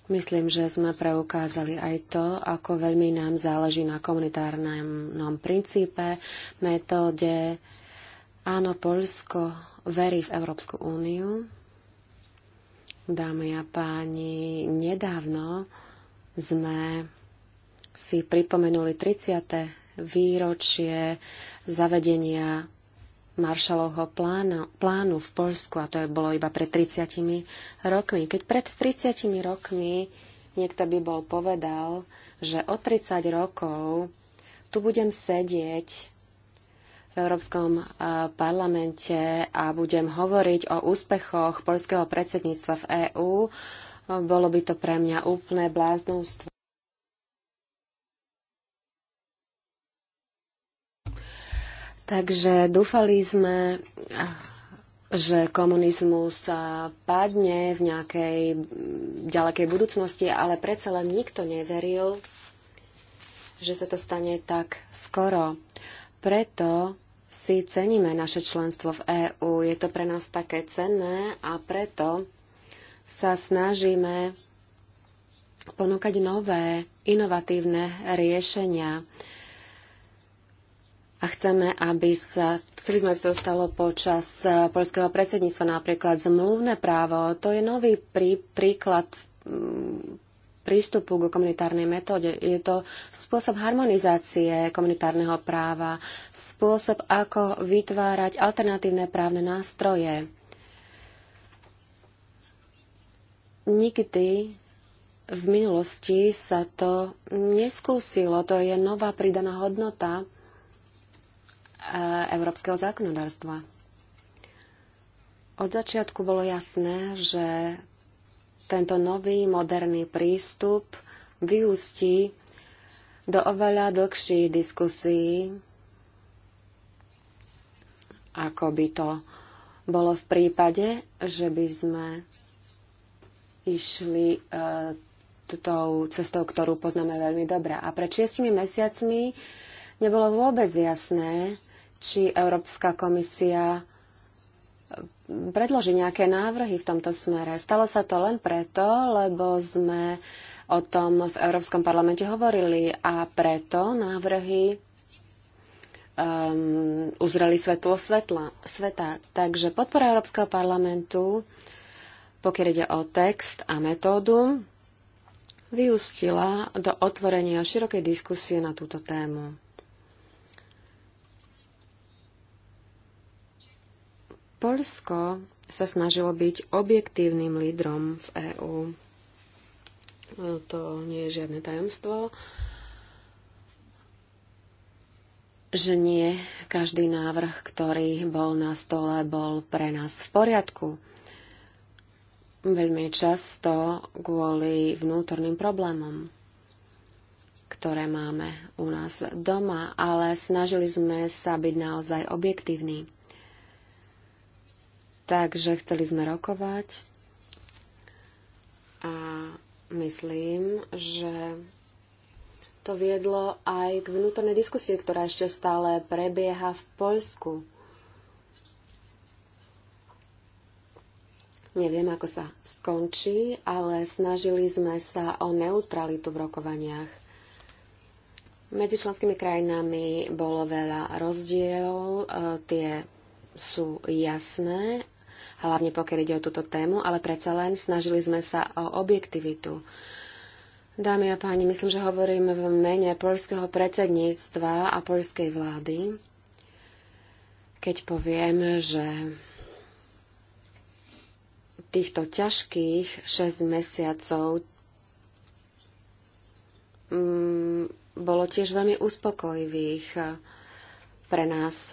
Myslím, že sme preukázali aj to, ako veľmi nám záleží na komunitárnom princípe, metóde. Áno, Polsko verí v Európsku úniu. Dámy a páni, nedávno sme si pripomenuli 30. výročie zavedenia Maršalovho plánu, plánu v Polsku, a to je bolo iba pred 30 rokmi. Keď pred 30 rokmi niekto by bol povedal, že o 30 rokov tu budem sedieť v Európskom e, parlamente a budem hovoriť o úspechoch polského predsedníctva v EÚ, bolo by to pre mňa úplné bláznostvo. Takže dúfali sme, že komunizmus padne v nejakej ďalekej budúcnosti, ale predsa len nikto neveril, že sa to stane tak skoro. Preto si ceníme naše členstvo v EÚ. Je to pre nás také cenné a preto sa snažíme ponúkať nové, inovatívne riešenia a chceme, aby sa, chceli sme, aby sa dostalo počas eh, polského predsedníctva napríklad zmluvné právo. To je nový prí, príklad mm, prístupu k komunitárnej metóde. Je to spôsob harmonizácie komunitárneho práva, spôsob, ako vytvárať alternatívne právne nástroje. Nikdy v minulosti sa to neskúsilo. To je nová pridaná hodnota Eh, európskeho zákonodárstva. Od začiatku bolo jasné, že tento nový moderný prístup vyústí do oveľa dlhších diskusí, ako by to bolo v prípade, že by sme išli e, tou cestou, ktorú poznáme veľmi dobre. A pred šiestimi mesiacmi nebolo vôbec jasné, či Európska komisia predloží nejaké návrhy v tomto smere. Stalo sa to len preto, lebo sme o tom v Európskom parlamente hovorili a preto návrhy um, uzreli svetlo svetla, sveta. Takže podpora Európskeho parlamentu, pokiaľ ide o text a metódu, vyústila do otvorenia širokej diskusie na túto tému. Polsko sa snažilo byť objektívnym lídrom v EÚ. To nie je žiadne tajomstvo, že nie každý návrh, ktorý bol na stole, bol pre nás v poriadku. Veľmi často kvôli vnútorným problémom ktoré máme u nás doma, ale snažili sme sa byť naozaj objektívni. Takže chceli sme rokovať a myslím, že to viedlo aj k vnútornej diskusie, ktorá ešte stále prebieha v Poľsku. Neviem, ako sa skončí, ale snažili sme sa o neutralitu v rokovaniach. Medzi členskými krajinami bolo veľa rozdielov, e, tie sú jasné hlavne pokiaľ ide o túto tému, ale predsa len snažili sme sa o objektivitu. Dámy a páni, myslím, že hovorím v mene polského predsedníctva a polskej vlády, keď poviem, že týchto ťažkých 6 mesiacov mm, bolo tiež veľmi uspokojivých pre nás e,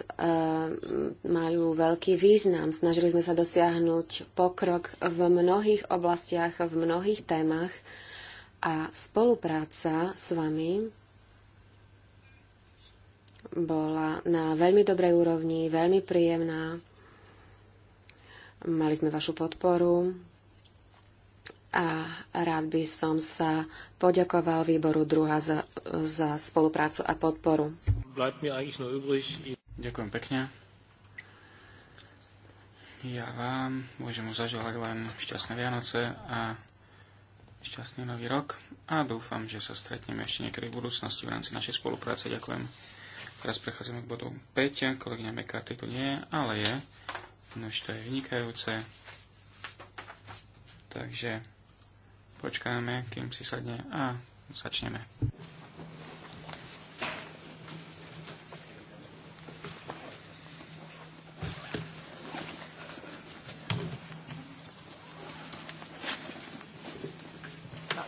majú veľký význam. Snažili sme sa dosiahnuť pokrok v mnohých oblastiach, v mnohých témach a spolupráca s vami bola na veľmi dobrej úrovni, veľmi príjemná. Mali sme vašu podporu, a rád by som sa poďakoval výboru druha za, za spoluprácu a podporu. Ďakujem pekne. Ja vám môžem zaželať len šťastné Vianoce a šťastný nový rok a dúfam, že sa stretneme ešte niekedy v budúcnosti v rámci našej spolupráce. Ďakujem. Teraz prechádzame k bodu 5. Kolegyňa Mekáty tu nie, ale je. No, to je vynikajúce. Takže Počkáme, kým si sadne a začneme.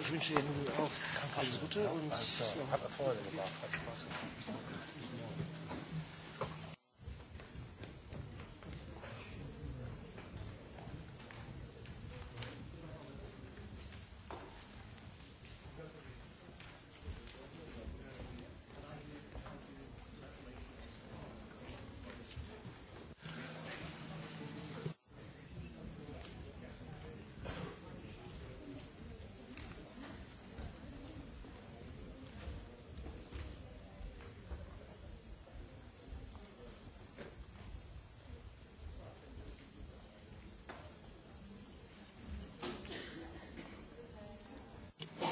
Ich wünsche Ihnen auch alles Gute und ja, hat Freude gemacht. Hat Spaß gemacht.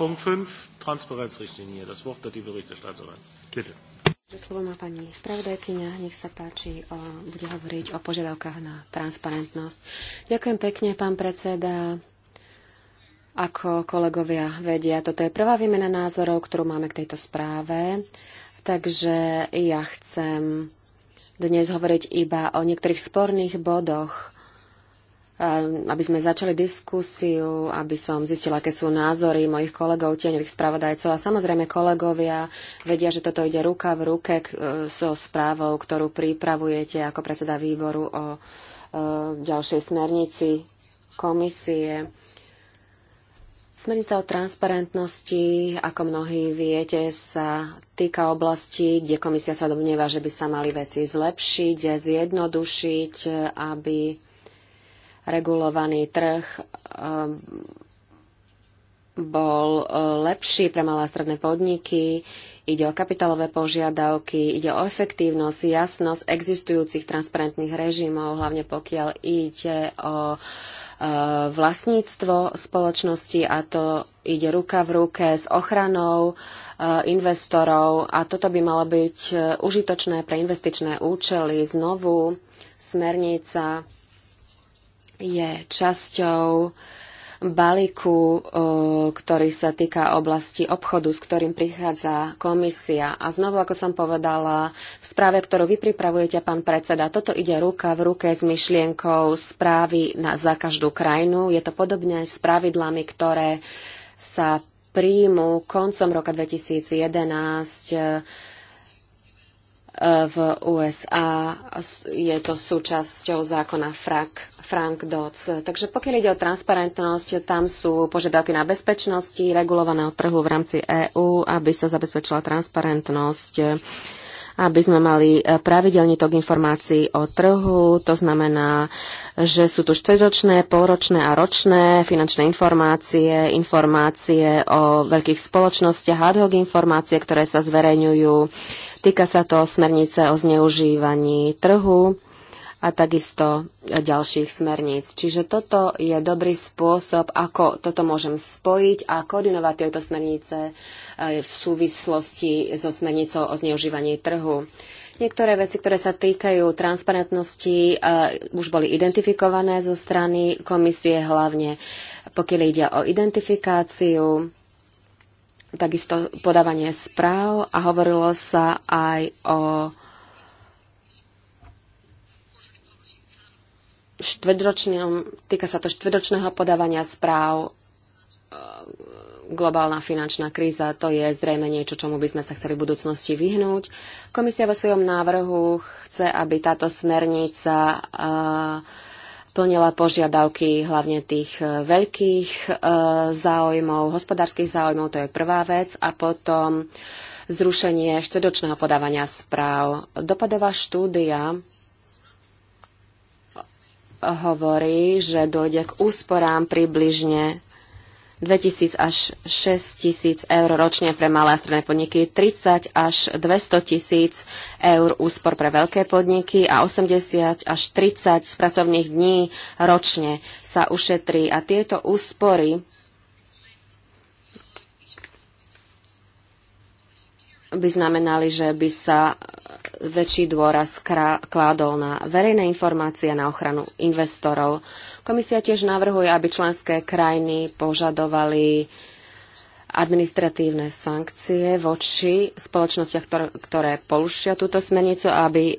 Punkt 5, Transparenzrichtlinie. Das Wort hat die Berichterstatterin. Bitte. Slovo má pani spravodajkyňa, nech sa páči, o, bude hovoriť o požiadavkách na transparentnosť. Ďakujem pekne, pán predseda. Ako kolegovia vedia, toto je prvá výmena názorov, ktorú máme k tejto správe. Takže ja chcem dnes hovoriť iba o niektorých sporných bodoch, Ehm, aby sme začali diskusiu, aby som zistila, aké sú názory mojich kolegov, tieňových spravodajcov. A samozrejme kolegovia vedia, že toto ide ruka v ruke e, so správou, ktorú pripravujete ako predseda výboru o e, ďalšej smernici komisie. Smernica o transparentnosti, ako mnohí viete, sa týka oblasti, kde komisia sa domnieva, že by sa mali veci zlepšiť, zjednodušiť, aby regulovaný trh eh, bol eh, lepší pre malé a stredné podniky, ide o kapitálové požiadavky, ide o efektívnosť, jasnosť existujúcich transparentných režimov, hlavne pokiaľ ide o eh, vlastníctvo spoločnosti a to ide ruka v ruke s ochranou investorov a toto by malo byť užitočné pre investičné účely. Znovu smernica je časťou balíku, e, ktorý sa týka oblasti obchodu, s ktorým prichádza komisia. A znovu, ako som povedala, v správe, ktorú vy pripravujete, pán predseda, toto ide ruka v ruke s myšlienkou správy na, za každú krajinu. Je to podobne s pravidlami, ktoré sa príjmu koncom roka 2011 E, v USA je to súčasťou zákona Frank, Frank Dodds. Takže pokiaľ ide o transparentnosť, tam sú požiadavky na bezpečnosti regulovaného trhu v rámci EÚ, aby sa zabezpečila transparentnosť aby sme mali e, pravidelný tok informácií o trhu. To znamená, že sú tu štvrťročné, polročné a ročné finančné informácie, informácie o veľkých spoločnostiach, ad hoc informácie, ktoré sa zverejňujú Týka sa to smernice o zneužívaní trhu a takisto ďalších smerníc. Čiže toto je dobrý spôsob, ako toto môžem spojiť a koordinovať tieto smernice eh, v súvislosti so smernicou o zneužívaní trhu. Niektoré veci, ktoré sa týkajú transparentnosti, eh, už boli identifikované zo strany komisie, hlavne pokiaľ ide o identifikáciu takisto podávanie správ a hovorilo sa aj o štvedročnom, týka sa to štvedročného podávania správ e, globálna finančná kríza, to je zrejme niečo, čomu by sme sa chceli v budúcnosti vyhnúť. Komisia vo svojom návrhu chce, aby táto smernica uh, plnila požiadavky hlavne tých e, veľkých e, záujmov, hospodárskych záujmov, to je prvá vec, a potom zrušenie štedočného podávania správ. Dopadová štúdia hovorí, že dojde k úsporám približne 2000 až 6000 eur ročne pre malé a stredné podniky, 30 až 200 tisíc eur úspor pre veľké podniky a 80 až 30 z pracovných dní ročne sa ušetrí. A tieto úspory by znamenali, že by sa väčší dôraz kládol na verejné informácie na ochranu investorov. Komisia tiež navrhuje, aby členské krajiny požadovali administratívne sankcie voči spoločnostiach, ktoré, porušia túto smernicu, aby e,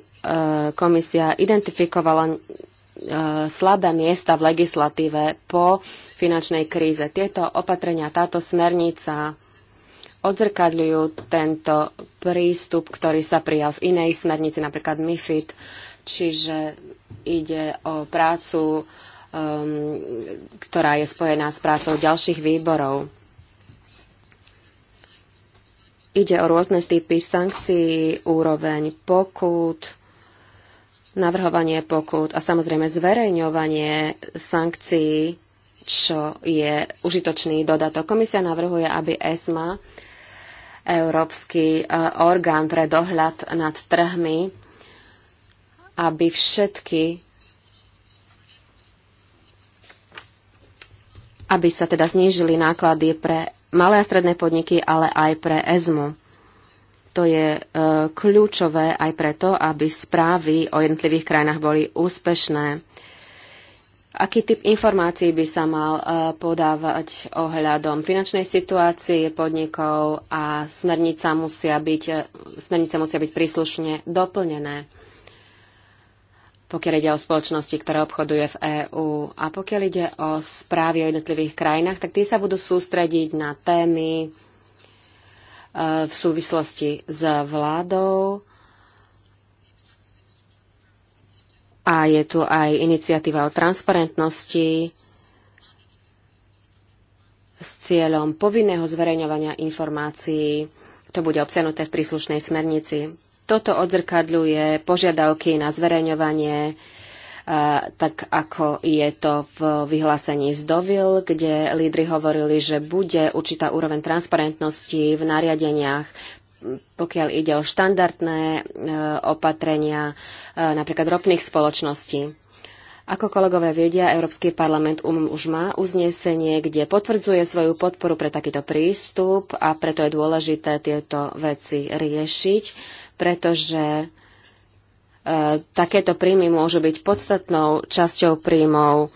komisia identifikovala e, slabé miesta v legislatíve po finančnej kríze. Tieto opatrenia, táto smernica odzrkadľujú tento prístup, ktorý sa prijal v inej smernici, napríklad MIFID, čiže ide o prácu, um, ktorá je spojená s prácou ďalších výborov. Ide o rôzne typy sankcií, úroveň pokút, navrhovanie pokút a samozrejme zverejňovanie sankcií, čo je užitočný dodatok. Komisia navrhuje, aby ESMA Európsky e, orgán pre dohľad nad trhmi, aby všetky aby sa teda znížili náklady pre malé a stredné podniky, ale aj pre ESMU. To je e, kľúčové aj preto, aby správy o jednotlivých krajinách boli úspešné aký typ informácií by sa mal e, podávať ohľadom finančnej situácie podnikov a smernica musia byť, e, smernice musia byť príslušne doplnené pokiaľ ide o spoločnosti, ktoré obchoduje v EÚ. A pokiaľ ide o správy o jednotlivých krajinách, tak tie sa budú sústrediť na témy e, v súvislosti s vládou, a je tu aj iniciatíva o transparentnosti s cieľom povinného zverejňovania informácií. To bude obsiahnuté v príslušnej smernici. Toto odzrkadľuje požiadavky na zverejňovanie e, tak ako je to v vyhlásení z Dovil, kde lídry hovorili, že bude určitá úroveň transparentnosti v nariadeniach pokiaľ ide o štandardné e, opatrenia e, napríklad ropných spoločností. Ako kolegové vedia, Európsky parlament um, už má uznesenie, kde potvrdzuje svoju podporu pre takýto prístup a preto je dôležité tieto veci riešiť, pretože e, takéto príjmy môžu byť podstatnou časťou príjmov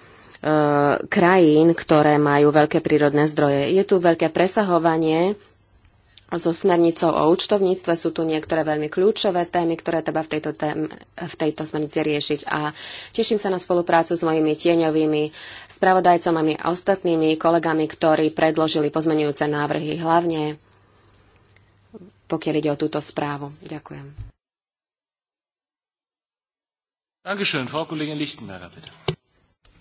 krajín, ktoré majú veľké prírodné zdroje. Je tu veľké presahovanie so smernicou o účtovníctve sú tu niektoré veľmi kľúčové témy, ktoré treba v tejto, tém, v tejto smernici riešiť. A teším sa na spoluprácu s mojimi tieňovými spravodajcom a ostatnými kolegami, ktorí predložili pozmenujúce návrhy, hlavne pokiaľ ide o túto správu. Ďakujem. Dankeschön, Frau Kollegin Lichtenberger, bitte.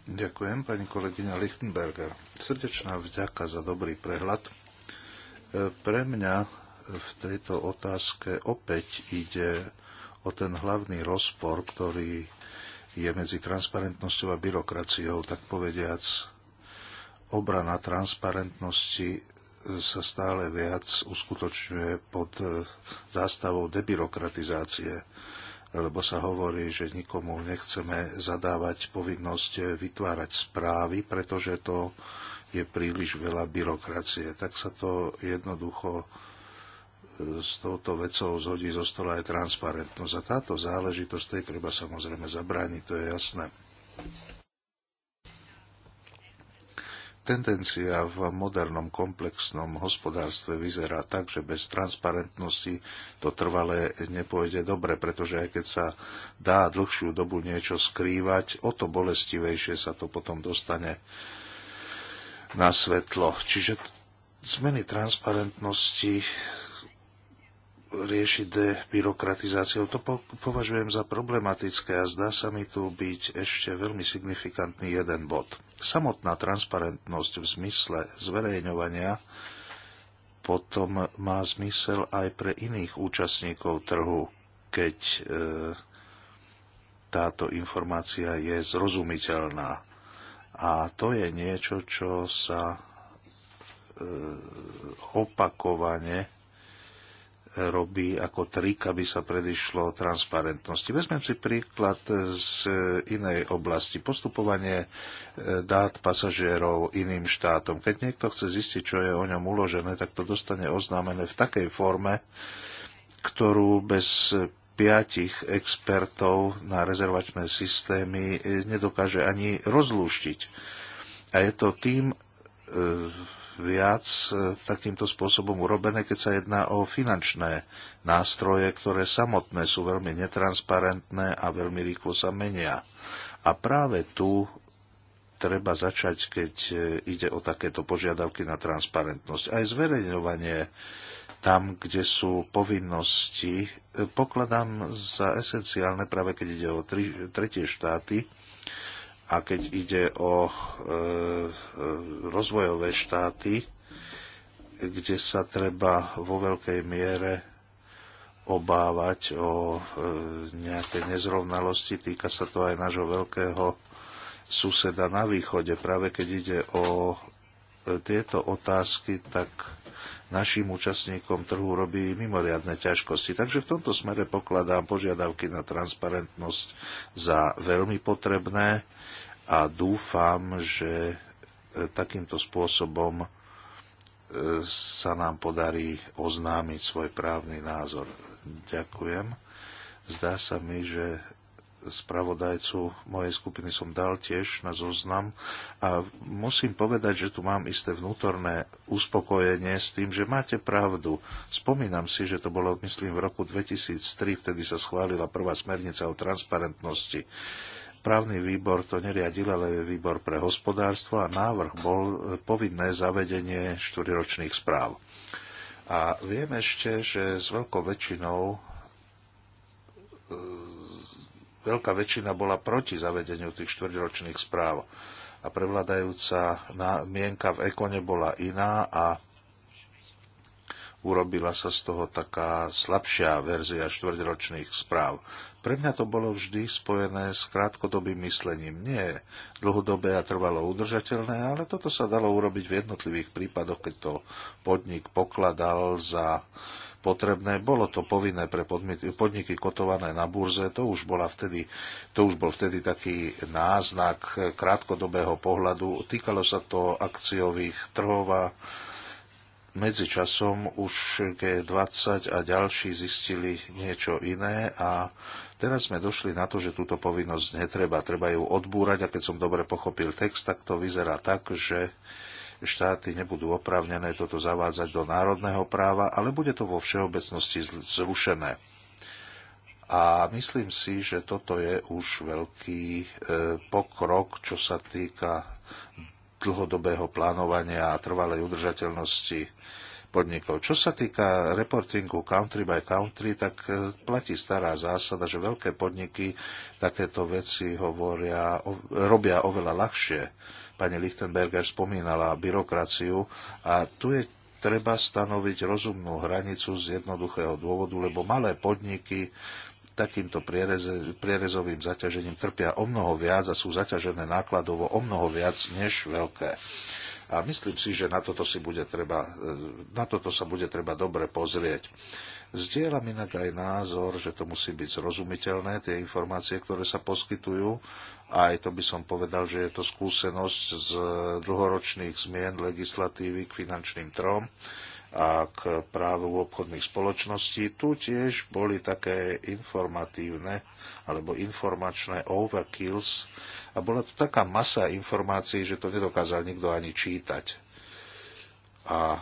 Ďakujem, pani kolegyňa Lichtenberger. Srdečná vďaka za dobrý prehľad pre mňa v tejto otázke opäť ide o ten hlavný rozpor, ktorý je medzi transparentnosťou a byrokraciou, tak povediac. Obrana transparentnosti sa stále viac uskutočňuje pod zástavou debyrokratizácie, lebo sa hovorí, že nikomu nechceme zadávať povinnosť vytvárať správy, pretože to je príliš veľa byrokracie. Tak sa to jednoducho e, s touto vecou zhodí zo stola aj transparentnosť. A táto záležitosť, tej treba samozrejme zabrániť, to je jasné. Tendencia v modernom komplexnom hospodárstve vyzerá tak, že bez transparentnosti to trvale nepôjde dobre, pretože aj keď sa dá dlhšiu dobu niečo skrývať, o to bolestivejšie sa to potom dostane na svetlo. Čiže zmeny transparentnosti riešiť debyrokratizáciou. To po, považujem za problematické a zdá sa mi tu byť ešte veľmi signifikantný jeden bod. Samotná transparentnosť v zmysle zverejňovania potom má zmysel aj pre iných účastníkov trhu, keď e, táto informácia je zrozumiteľná. A to je niečo, čo sa e, opakovane robí ako trik, aby sa predišlo transparentnosti. Vezmem si príklad z inej oblasti. Postupovanie e, dát pasažierov iným štátom. Keď niekto chce zistiť, čo je o ňom uložené, tak to dostane oznámené v takej forme, ktorú bez piatich expertov na rezervačné systémy nedokáže ani rozlúštiť. A je to tým e, viac e, takýmto spôsobom urobené, keď sa jedná o finančné nástroje, ktoré samotné sú veľmi netransparentné a veľmi rýchlo sa menia. A práve tu treba začať, keď e, ide o takéto požiadavky na transparentnosť. Aj zverejňovanie tam, kde sú povinnosti, e, pokladám za esenciálne práve keď ide o tri, tretie štáty a keď ide o e, e, rozvojové štáty, kde sa treba vo veľkej miere obávať o e, nejaké nezrovnalosti. Týka sa to aj nášho veľkého suseda na východe. Práve keď ide o e, tieto otázky, tak našim účastníkom trhu robí mimoriadne ťažkosti. Takže v tomto smere pokladám požiadavky na transparentnosť za veľmi potrebné a dúfam, že e, takýmto spôsobom e, sa nám podarí oznámiť svoj právny názor. Ďakujem. Zdá sa mi, že spravodajcu mojej skupiny som dal tiež na zoznam a musím povedať, že tu mám isté vnútorné uspokojenie s tým, že máte pravdu. Spomínam si, že to bolo, myslím, v roku 2003, vtedy sa schválila prvá smernica o transparentnosti. Právny výbor to neriadil, ale je výbor pre hospodárstvo a návrh bol povinné zavedenie štvoriročných správ. A viem ešte, že s veľkou väčšinou veľká väčšina bola proti zavedeniu tých štvrťročných správ. A prevladajúca mienka v Ekone bola iná a urobila sa z toho taká slabšia verzia štvrťročných správ. Pre mňa to bolo vždy spojené s krátkodobým myslením. Nie dlhodobé a trvalo udržateľné, ale toto sa dalo urobiť v jednotlivých prípadoch, keď to podnik pokladal za potrebné. Bolo to povinné pre podniky kotované na burze, to už, bola vtedy, to už bol vtedy taký náznak krátkodobého pohľadu. Týkalo sa to akciových trhov a medzičasom už G20 a ďalší zistili niečo iné a Teraz sme došli na to, že túto povinnosť netreba, treba ju odbúrať a keď som dobre pochopil text, tak to vyzerá tak, že štáty nebudú oprávnené toto zavádzať do národného práva, ale bude to vo všeobecnosti zrušené. A myslím si, že toto je už veľký e, pokrok, čo sa týka dlhodobého plánovania a trvalej udržateľnosti podnikov. Čo sa týka reportingu country by country, tak e, platí stará zásada, že veľké podniky takéto veci hovoria, robia oveľa ľahšie Pani Lichtenberger spomínala byrokraciu a tu je treba stanoviť rozumnú hranicu z jednoduchého dôvodu, lebo malé podniky takýmto prierezovým zaťažením trpia o mnoho viac a sú zaťažené nákladovo o mnoho viac než veľké. A myslím si, že na toto, si bude treba, e, na toto sa bude treba dobre pozrieť. Zdieľam inak aj názor, že to musí byť zrozumiteľné, tie informácie, ktoré sa poskytujú, a aj to by som povedal, že je to skúsenosť z dlhoročných zmien legislatívy k finančným trom a k právu obchodných spoločností. Tu tiež boli také informatívne alebo informačné overkills a bola tu taká masa informácií, že to nedokázal nikto ani čítať. A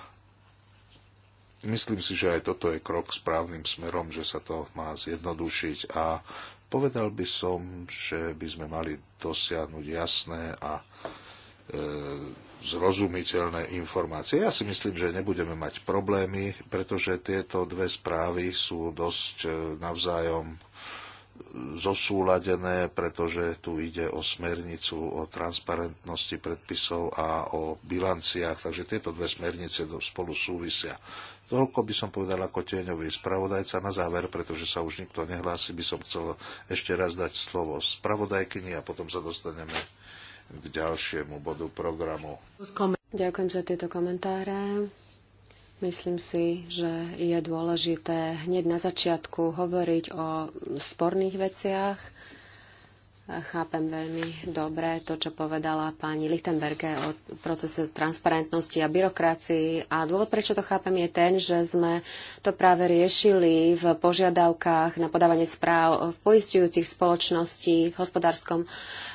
myslím si, že aj toto je krok správnym smerom, že sa to má zjednodušiť a Povedal by som, že by sme mali dosiahnuť jasné a e, zrozumiteľné informácie. Ja si myslím, že nebudeme mať problémy, pretože tieto dve správy sú dosť e, navzájom zosúladené, pretože tu ide o smernicu o transparentnosti predpisov a o bilanciách, takže tieto dve smernice spolu súvisia. Toľko by som povedal ako tieňový spravodajca na záver, pretože sa už nikto nehlási, by som chcel ešte raz dať slovo spravodajkyni a potom sa dostaneme k ďalšiemu bodu programu. Ďakujem za tieto komentáre. Myslím si, že je dôležité hneď na začiatku hovoriť o sporných veciach Chápem veľmi dobre to, čo povedala pani Lichtenberge o procese transparentnosti a byrokracii. A dôvod, prečo to chápem, je ten, že sme to práve riešili v požiadavkách na podávanie správ v poistujúcich spoločností v hospodárskom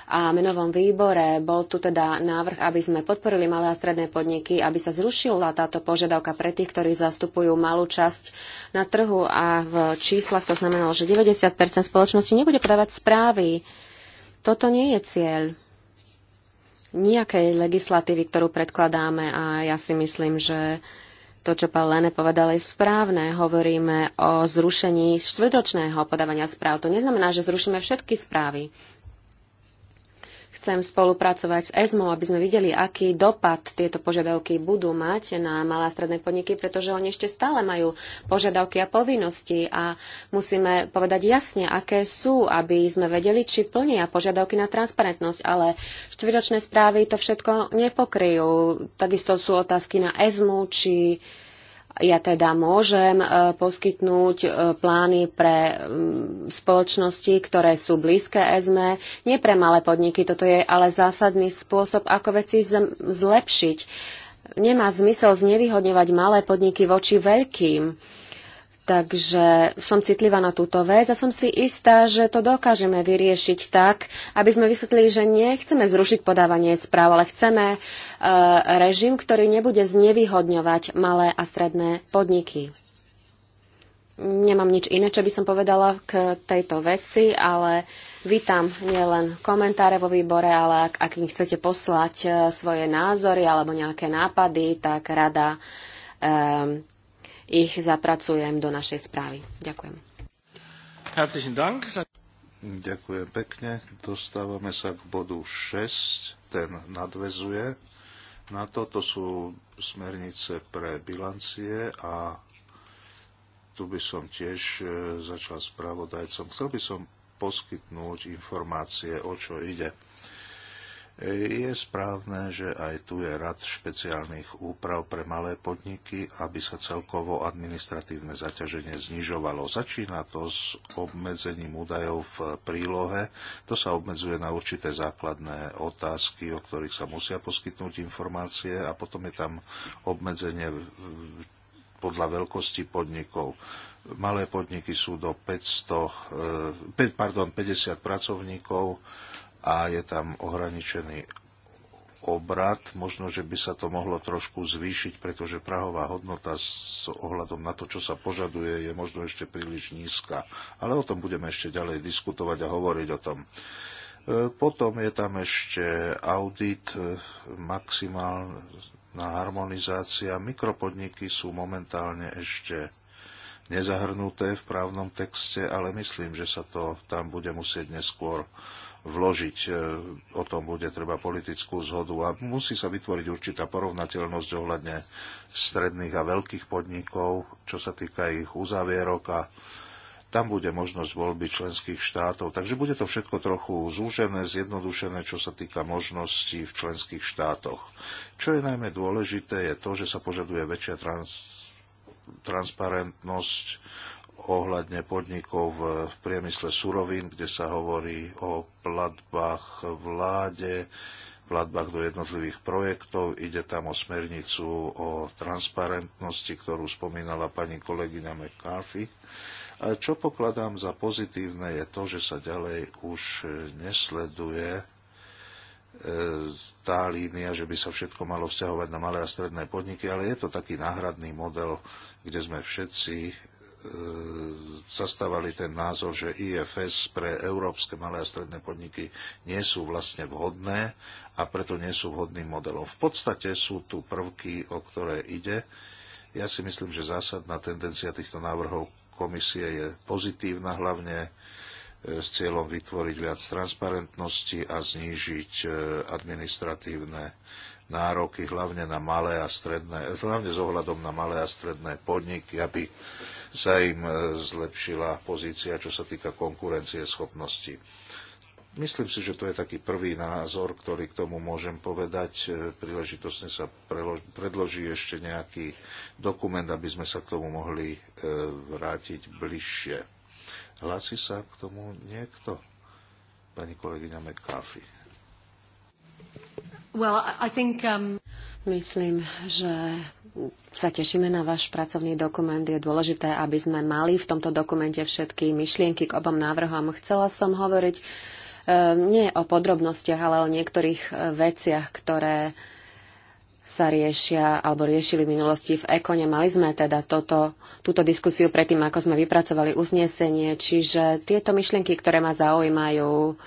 a menovom výbore. Bol tu teda návrh, aby sme podporili malé a stredné podniky, aby sa zrušila táto požiadavka pre tých, ktorí zastupujú malú časť na trhu a v číslach to znamenalo, že 90 spoločnosti nebude podávať správy toto nie je cieľ nejakej legislatívy, ktorú predkladáme a ja si myslím, že to, čo pán Lene povedal, je správne. Hovoríme o zrušení štvrtočného podávania správ. To neznamená, že zrušíme všetky správy chcem spolupracovať s ESMO, aby sme videli, aký dopad tieto požiadavky budú mať na malé a stredné podniky, pretože oni ešte stále majú požiadavky a povinnosti a musíme povedať jasne, aké sú, aby sme vedeli, či plnia požiadavky na transparentnosť, ale štvrťročné správy to všetko nepokryjú. Takisto sú otázky na ESMO, či ja teda môžem e, poskytnúť e, plány pre mm, spoločnosti, ktoré sú blízke ESME, e, nie pre malé podniky. Toto je ale zásadný spôsob, ako veci zlepšiť. Nemá zmysel znevýhodňovať malé podniky voči veľkým Takže som citlivá na túto vec a som si istá, že to dokážeme vyriešiť tak, aby sme vysvetlili, že nechceme zrušiť podávanie správ, ale chceme e, režim, ktorý nebude znevýhodňovať malé a stredné podniky. Nemám nič iné, čo by som povedala k tejto veci, ale vítam nielen komentáre vo výbore, ale ak, ak mi chcete poslať e, svoje názory alebo nejaké nápady, tak rada e, ich zapracujem do našej správy. Ďakujem. Ďakujem pekne. Dostávame sa k bodu 6. Ten nadvezuje na to. To sú smernice pre bilancie a tu by som tiež e, začal spravodajcom. Chcel by som poskytnúť informácie, o čo ide. Je správne, že aj tu je rad špeciálnych úprav pre malé podniky, aby sa celkovo administratívne zaťaženie znižovalo. Začína to s obmedzením údajov v prílohe. To sa obmedzuje na určité základné otázky, o ktorých sa musia poskytnúť informácie a potom je tam obmedzenie podľa veľkosti podnikov malé podniky sú do 500, e, pardon, 50 pracovníkov a je tam ohraničený obrad. Možno, že by sa to mohlo trošku zvýšiť, pretože prahová hodnota s ohľadom na to, čo sa požaduje, je možno ešte príliš nízka. Ale o tom budeme ešte ďalej diskutovať a hovoriť o tom. E, potom je tam ešte audit, e, maximálna harmonizácia. Mikropodniky sú momentálne ešte nezahrnuté v právnom texte, ale myslím, že sa to tam bude musieť neskôr vložiť. E, o tom bude treba politickú zhodu a musí sa vytvoriť určitá porovnateľnosť ohľadne stredných a veľkých podnikov, čo sa týka ich uzavierok a tam bude možnosť voľby členských štátov. Takže bude to všetko trochu zúžené, zjednodušené, čo sa týka možností v členských štátoch. Čo je najmä dôležité, je to, že sa požaduje väčšia trans- transparentnosť ohľadne podnikov v priemysle surovín, kde sa hovorí o platbách vláde, platbách do jednotlivých projektov. Ide tam o smernicu o transparentnosti, ktorú spomínala pani kolegyňa McCarthy. A čo pokladám za pozitívne je to, že sa ďalej už nesleduje e, tá línia, že by sa všetko malo vzťahovať na malé a stredné podniky, ale je to taký náhradný model, kde sme všetci E, zastávali ten názor, že IFS pre európske malé a stredné podniky nie sú vlastne vhodné a preto nie sú vhodným modelom. V podstate sú tu prvky, o ktoré ide. Ja si myslím, že zásadná tendencia týchto návrhov komisie je pozitívna, hlavne e, s cieľom vytvoriť viac transparentnosti a znížiť e, administratívne nároky hlavne na malé a stredné, hlavne s ohľadom na malé a stredné podniky, aby sa im e, zlepšila pozícia, čo sa týka konkurencie schopnosti. Myslím si, že to je taký prvý názor, ktorý k tomu môžem povedať. E, Príležitosne sa predloží ešte nejaký dokument, aby sme sa k tomu mohli e, vrátiť bližšie. Hlási sa k tomu niekto? Pani kolegyňa McCarthy. Well, I think, um... Myslím, že sa tešíme na váš pracovný dokument. Je dôležité, aby sme mali v tomto dokumente všetky myšlienky k obom návrhom. Chcela som hovoriť e, nie o podrobnostiach, ale o niektorých e, veciach, ktoré sa riešia alebo riešili v minulosti v Ekone. Mali sme teda toto, túto diskusiu predtým, ako sme vypracovali uznesenie, čiže tieto myšlienky, ktoré ma zaujímajú,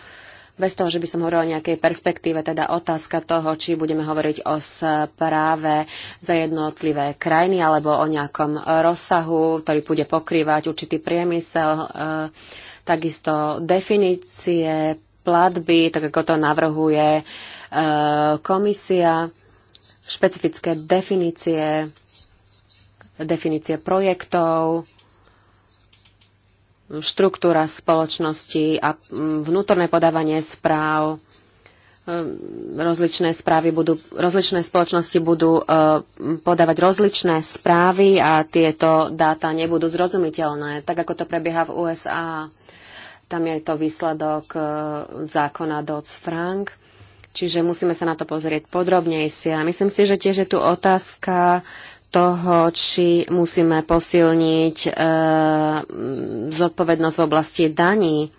bez toho, že by som hovorila o nejakej perspektíve, teda otázka toho, či budeme hovoriť o správe za jednotlivé krajiny alebo o nejakom rozsahu, ktorý bude pokrývať určitý priemysel, e, takisto definície, platby, tak ako to navrhuje e, komisia, špecifické definície, definície projektov, štruktúra spoločnosti a mm, vnútorné podávanie správ. Ehm, rozličné, správy budú, rozličné spoločnosti budú e, podávať rozličné správy a tieto dáta nebudú zrozumiteľné, tak ako to prebieha v USA. Tam je to výsledok e, zákona Dodd-Frank. Čiže musíme sa na to pozrieť podrobnejšie. myslím si, že tiež je tu otázka toho, či musíme posilniť e, zodpovednosť v oblasti daní,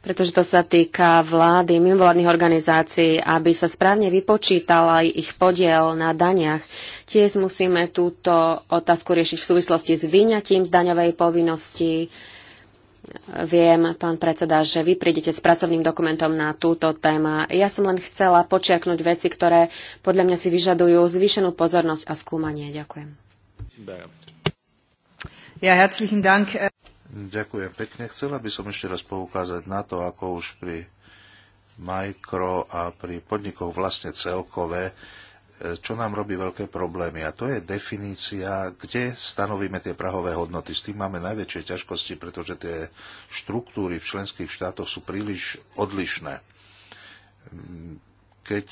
pretože to sa týka vlády, mimovládnych organizácií, aby sa správne vypočítala ich podiel na daniach. Tiež musíme túto otázku riešiť v súvislosti s vyňatím z daňovej povinnosti. E, Viem, pán predseda, že vy prídete s pracovným dokumentom na túto téma. Ja som len chcela počiaknúť veci, ktoré podľa mňa si vyžadujú zvýšenú pozornosť a skúmanie. Ďakujem. Ja, herzlichen Dank. Ďakujem pekne. Chcela by som ešte raz poukázať na to, ako už pri mikro a pri podnikoch vlastne celkové čo nám robí veľké problémy. A to je definícia, kde stanovíme tie prahové hodnoty. S tým máme najväčšie ťažkosti, pretože tie štruktúry v členských štátoch sú príliš odlišné. Keď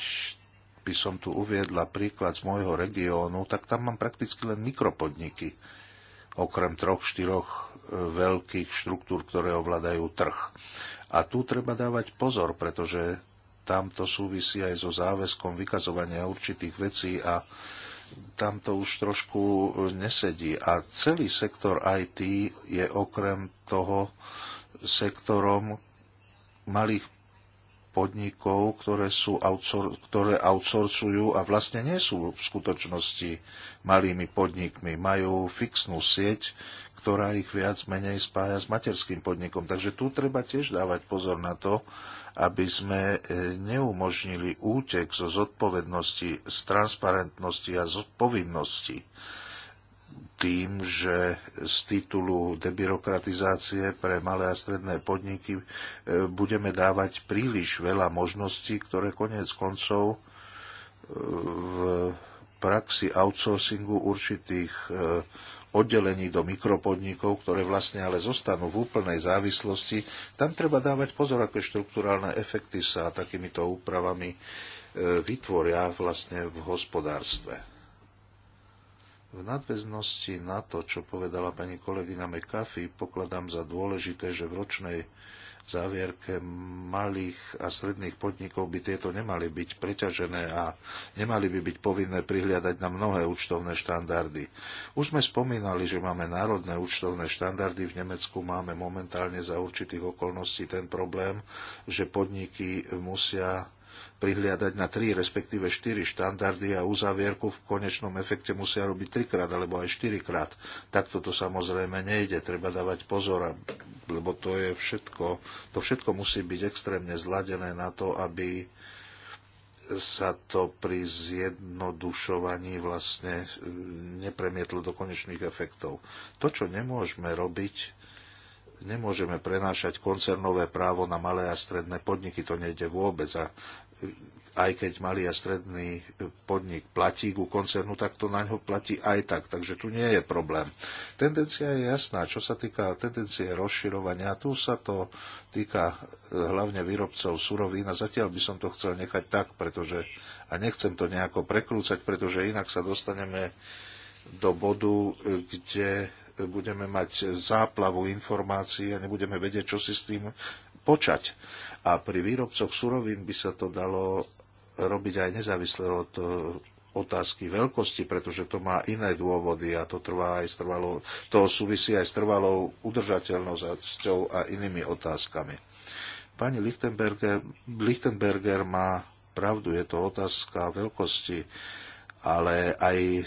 by som tu uviedla príklad z môjho regiónu, tak tam mám prakticky len mikropodniky, okrem troch, štyroch e, veľkých štruktúr, ktoré ovládajú trh. A tu treba dávať pozor, pretože tam to súvisí aj so záväzkom vykazovania určitých vecí a tam to už trošku e, nesedí. A celý sektor IT je okrem toho sektorom malých podnikov, ktoré, sú outsor- ktoré outsourcujú a vlastne nie sú v skutočnosti malými podnikmi. Majú fixnú sieť, ktorá ich viac menej spája s materským podnikom. Takže tu treba tiež dávať pozor na to, aby sme e, neumožnili útek zo zodpovednosti, z transparentnosti a zodpovednosti tým, že z titulu debirokratizácie pre malé a stredné podniky e, budeme dávať príliš veľa možností, ktoré konec koncov e, v praxi outsourcingu určitých oddelení do mikropodnikov, ktoré vlastne ale zostanú v úplnej závislosti, tam treba dávať pozor, aké štruktúrálne efekty sa takýmito úpravami e, vytvoria vlastne v hospodárstve. V nadväznosti na to, čo povedala pani kolegyna McAfee, pokladám za dôležité, že v ročnej závierke malých a stredných podnikov by tieto nemali byť preťažené a nemali by byť povinné prihliadať na mnohé účtovné štandardy. Už sme spomínali, že máme národné účtovné štandardy. V Nemecku máme momentálne za určitých okolností ten problém, že podniky musia prihliadať na tri, respektíve štyri štandardy a uzavierku v konečnom efekte musia robiť trikrát alebo aj štyrikrát. Takto to samozrejme nejde, treba dávať pozor a lebo to je všetko, to všetko musí byť extrémne zladené na to, aby sa to pri zjednodušovaní vlastne e, nepremietlo do konečných efektov. To, čo nemôžeme robiť, nemôžeme prenášať koncernové právo na malé a stredné podniky, to nejde vôbec. A e, aj keď malý a stredný podnik platí ku koncernu, tak to na ňo platí aj tak, takže tu nie je problém. Tendencia je jasná, čo sa týka tendencie rozširovania, tu sa to týka e, hlavne výrobcov surovín a zatiaľ by som to chcel nechať tak, pretože a nechcem to nejako prekrúcať, pretože inak sa dostaneme do bodu, kde budeme mať záplavu informácií a nebudeme vedieť, čo si s tým počať. A pri výrobcoch surovín by sa to dalo robiť aj nezávisle od e, otázky veľkosti, pretože to má iné dôvody a to, trvá aj s trvalou, to súvisí aj s trvalou udržateľnosťou a inými otázkami. Pani Lichtenberger, Lichtenberger má pravdu, je to otázka veľkosti, ale aj e,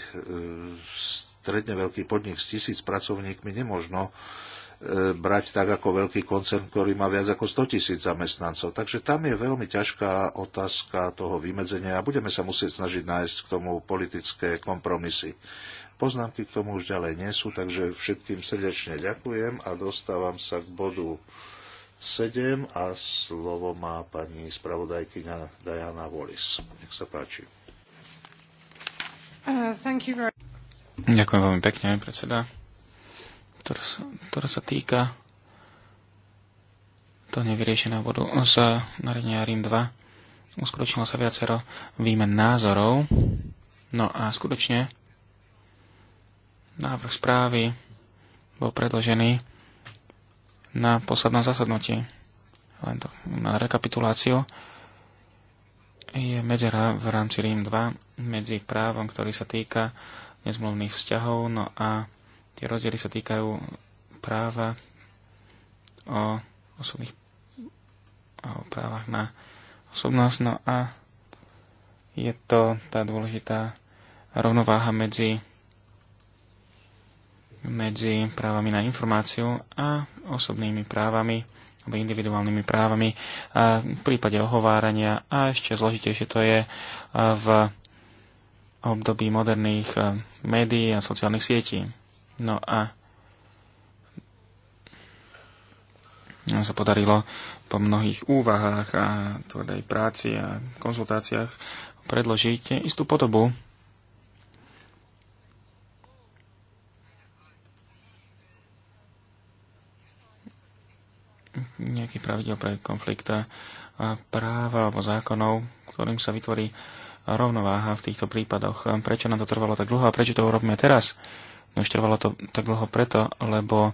stredne veľký podnik s tisíc pracovníkmi nemožno uh, E, brať tak ako veľký koncern, ktorý má viac ako 100 tisíc zamestnancov. Takže tam je veľmi ťažká otázka toho vymedzenia a budeme sa musieť snažiť nájsť k tomu politické kompromisy. Poznámky k tomu už ďalej nie sú, takže všetkým srdečne ďakujem a dostávam sa k bodu 7 a slovo má pani spravodajkyňa Diana Wallis. Nech sa páči. Uh, very... Ďakujem veľmi pekne, predseda ktorá sa, ktorá sa týka to nevyriešeného bodu z narenia RIM 2. Uskutočnilo sa viacero výmen názorov. No a skutočne návrh správy bol predložený na poslednom zasadnutí. Len to na rekapituláciu je medzera v rámci RIM 2 medzi právom, ktorý sa týka nezmluvných vzťahov, no a Tie rozdiely sa týkajú práva o osobných o právach na osobnosť. No a je to tá dôležitá rovnováha medzi medzi právami na informáciu a osobnými právami alebo individuálnymi právami. A v prípade ohovárania a ešte zložitejšie to je v období moderných eh, médií a sociálnych sietí. No a nám sa podarilo po mnohých úvahách a tvrdej práci a konzultáciách predložiť istú podobu nejaký pravidel pre konflikta a práva alebo zákonov, ktorým sa vytvorí rovnováha v týchto prípadoch. Prečo nám to trvalo tak dlho a prečo to urobíme teraz? No už trvalo to tak dlho preto, lebo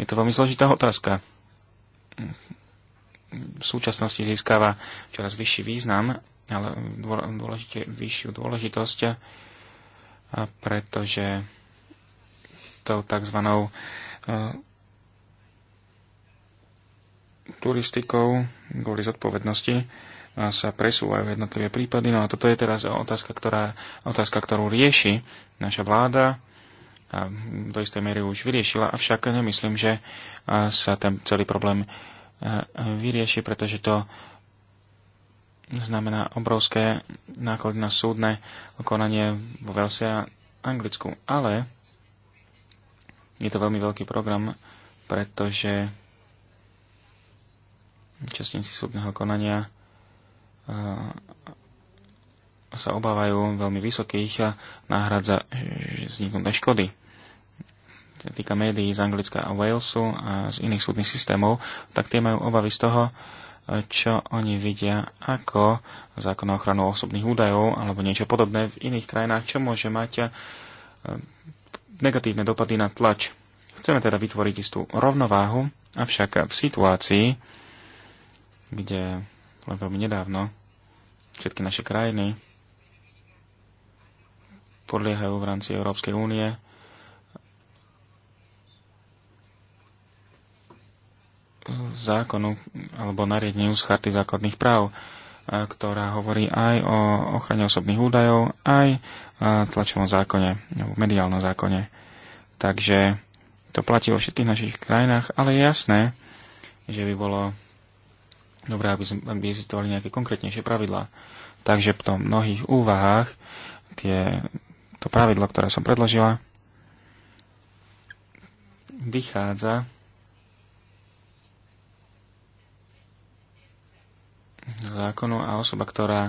je to veľmi zložitá otázka. V súčasnosti získava čoraz vyšší význam, ale dôležite, vyššiu dôležitosť, a pretože tou tzv. E, turistikou kvôli zodpovednosti e, sa presúvajú jednotlivé prípady. No a toto je teraz otázka, ktorá, otázka ktorú rieši naša vláda do istej miery už vyriešila, avšak nemyslím, že sa ten celý problém vyrieši, pretože to znamená obrovské náklady na súdne konanie vo Velse a Anglicku. Ale je to veľmi veľký program, pretože účastníci súdneho konania sa obávajú veľmi vysokých náhrad za e, vzniknuté škody. Čo týka médií z Anglicka a Walesu a z iných súdnych systémov, tak tie majú obavy z toho, e, čo oni vidia ako zákon o ochranu osobných údajov alebo niečo podobné v iných krajinách, čo môže mať e, negatívne dopady na tlač. Chceme teda vytvoriť istú rovnováhu, avšak v situácii, kde len veľmi nedávno všetky naše krajiny podliehajú v rámci Európskej únie. zákonu alebo nariadeniu z charty základných práv, ktorá hovorí aj o ochrane osobných údajov, aj o tlačovom zákone, v mediálnom zákone. Takže to platí vo všetkých našich krajinách, ale je jasné, že by bolo dobré, aby, by existovali nejaké konkrétnejšie pravidlá. Takže v tom mnohých úvahách tie to pravidlo, ktoré som predložila, vychádza z zákonu a osoba, ktorá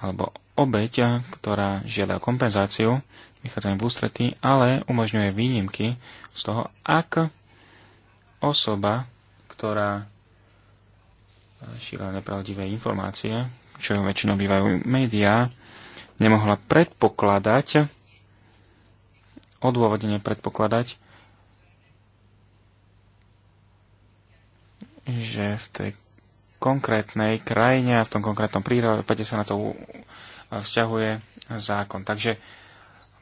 alebo obeť, ktorá žiada kompenzáciu, vychádza im v ústretí, ale umožňuje výnimky z toho, ak osoba, ktorá šíla nepravdivé informácie, čo väčšinou bývajú médiá, nemohla predpokladať, odôvodne predpokladať, že v tej konkrétnej krajine a v tom konkrétnom prípade sa na to e, vzťahuje zákon. Takže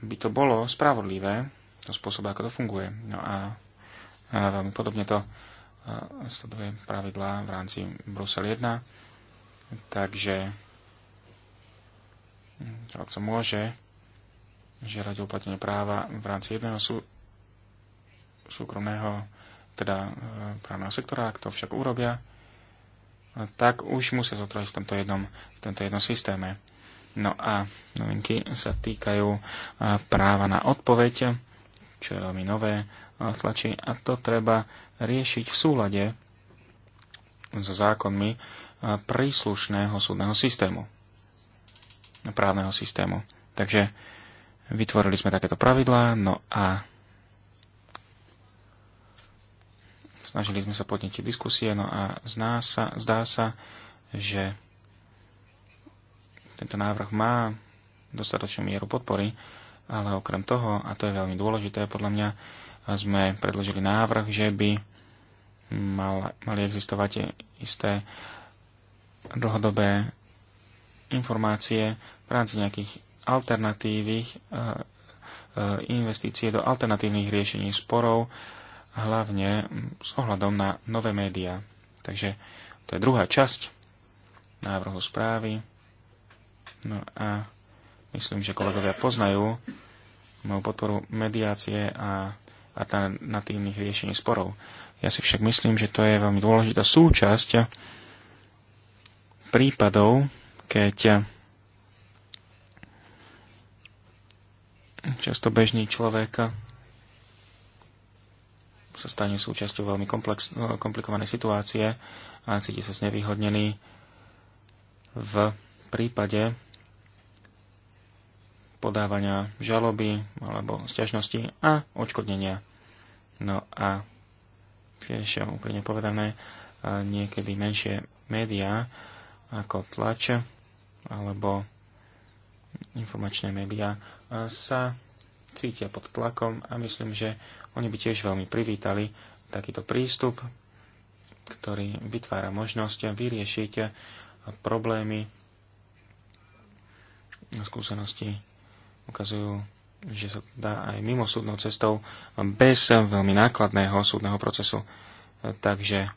by to bolo spravodlivé, to spôsob, ako to funguje. No a, a veľmi podobne to e, sleduje pravidlá v rámci Brusel 1. Takže žalobca môže žiadať uplatnenie práva v rámci jedného sú, súkromného, teda e, právneho sektora, ak to však urobia, tak už musia zotrvať v tomto jednom, v tomto jednom systéme. No a novinky sa týkajú e, práva na odpoveď, čo je veľmi nové e, tlačí a to treba riešiť v súlade so zákonmi príslušného súdneho systému právneho systému. Takže vytvorili sme takéto pravidlá, no a snažili sme sa podnetiť diskusie, no a zná sa, zdá sa, že tento návrh má dostatočnú mieru podpory, ale okrem toho, a to je veľmi dôležité podľa mňa, sme predložili návrh, že by mal, mali existovať isté dlhodobé informácie v rámci nejakých alternatívnych eh, eh, investície do alternatívnych riešení sporov, hlavne hm, s ohľadom na nové médiá. Takže to je druhá časť návrhu správy. No a myslím, že kolegovia poznajú moju podporu mediácie a alternatívnych riešení sporov. Ja si však myslím, že to je veľmi dôležitá súčasť prípadov, keď často bežný človek sa stane súčasťou veľmi komplex, no, komplikovanej situácie a cíti sa znevýhodnený v prípade podávania žaloby alebo sťažnosti a odškodnenia. No a tiež úplne povedané, niekedy menšie médiá ako tlače alebo informačné médiá e, sa cítia pod tlakom a myslím, že oni by tiež veľmi privítali takýto prístup, ktorý vytvára možnosť vyriešiť problémy. Skúsenosti ukazujú, že sa dá aj mimo súdnou cestou bez veľmi nákladného súdneho procesu. E, Takže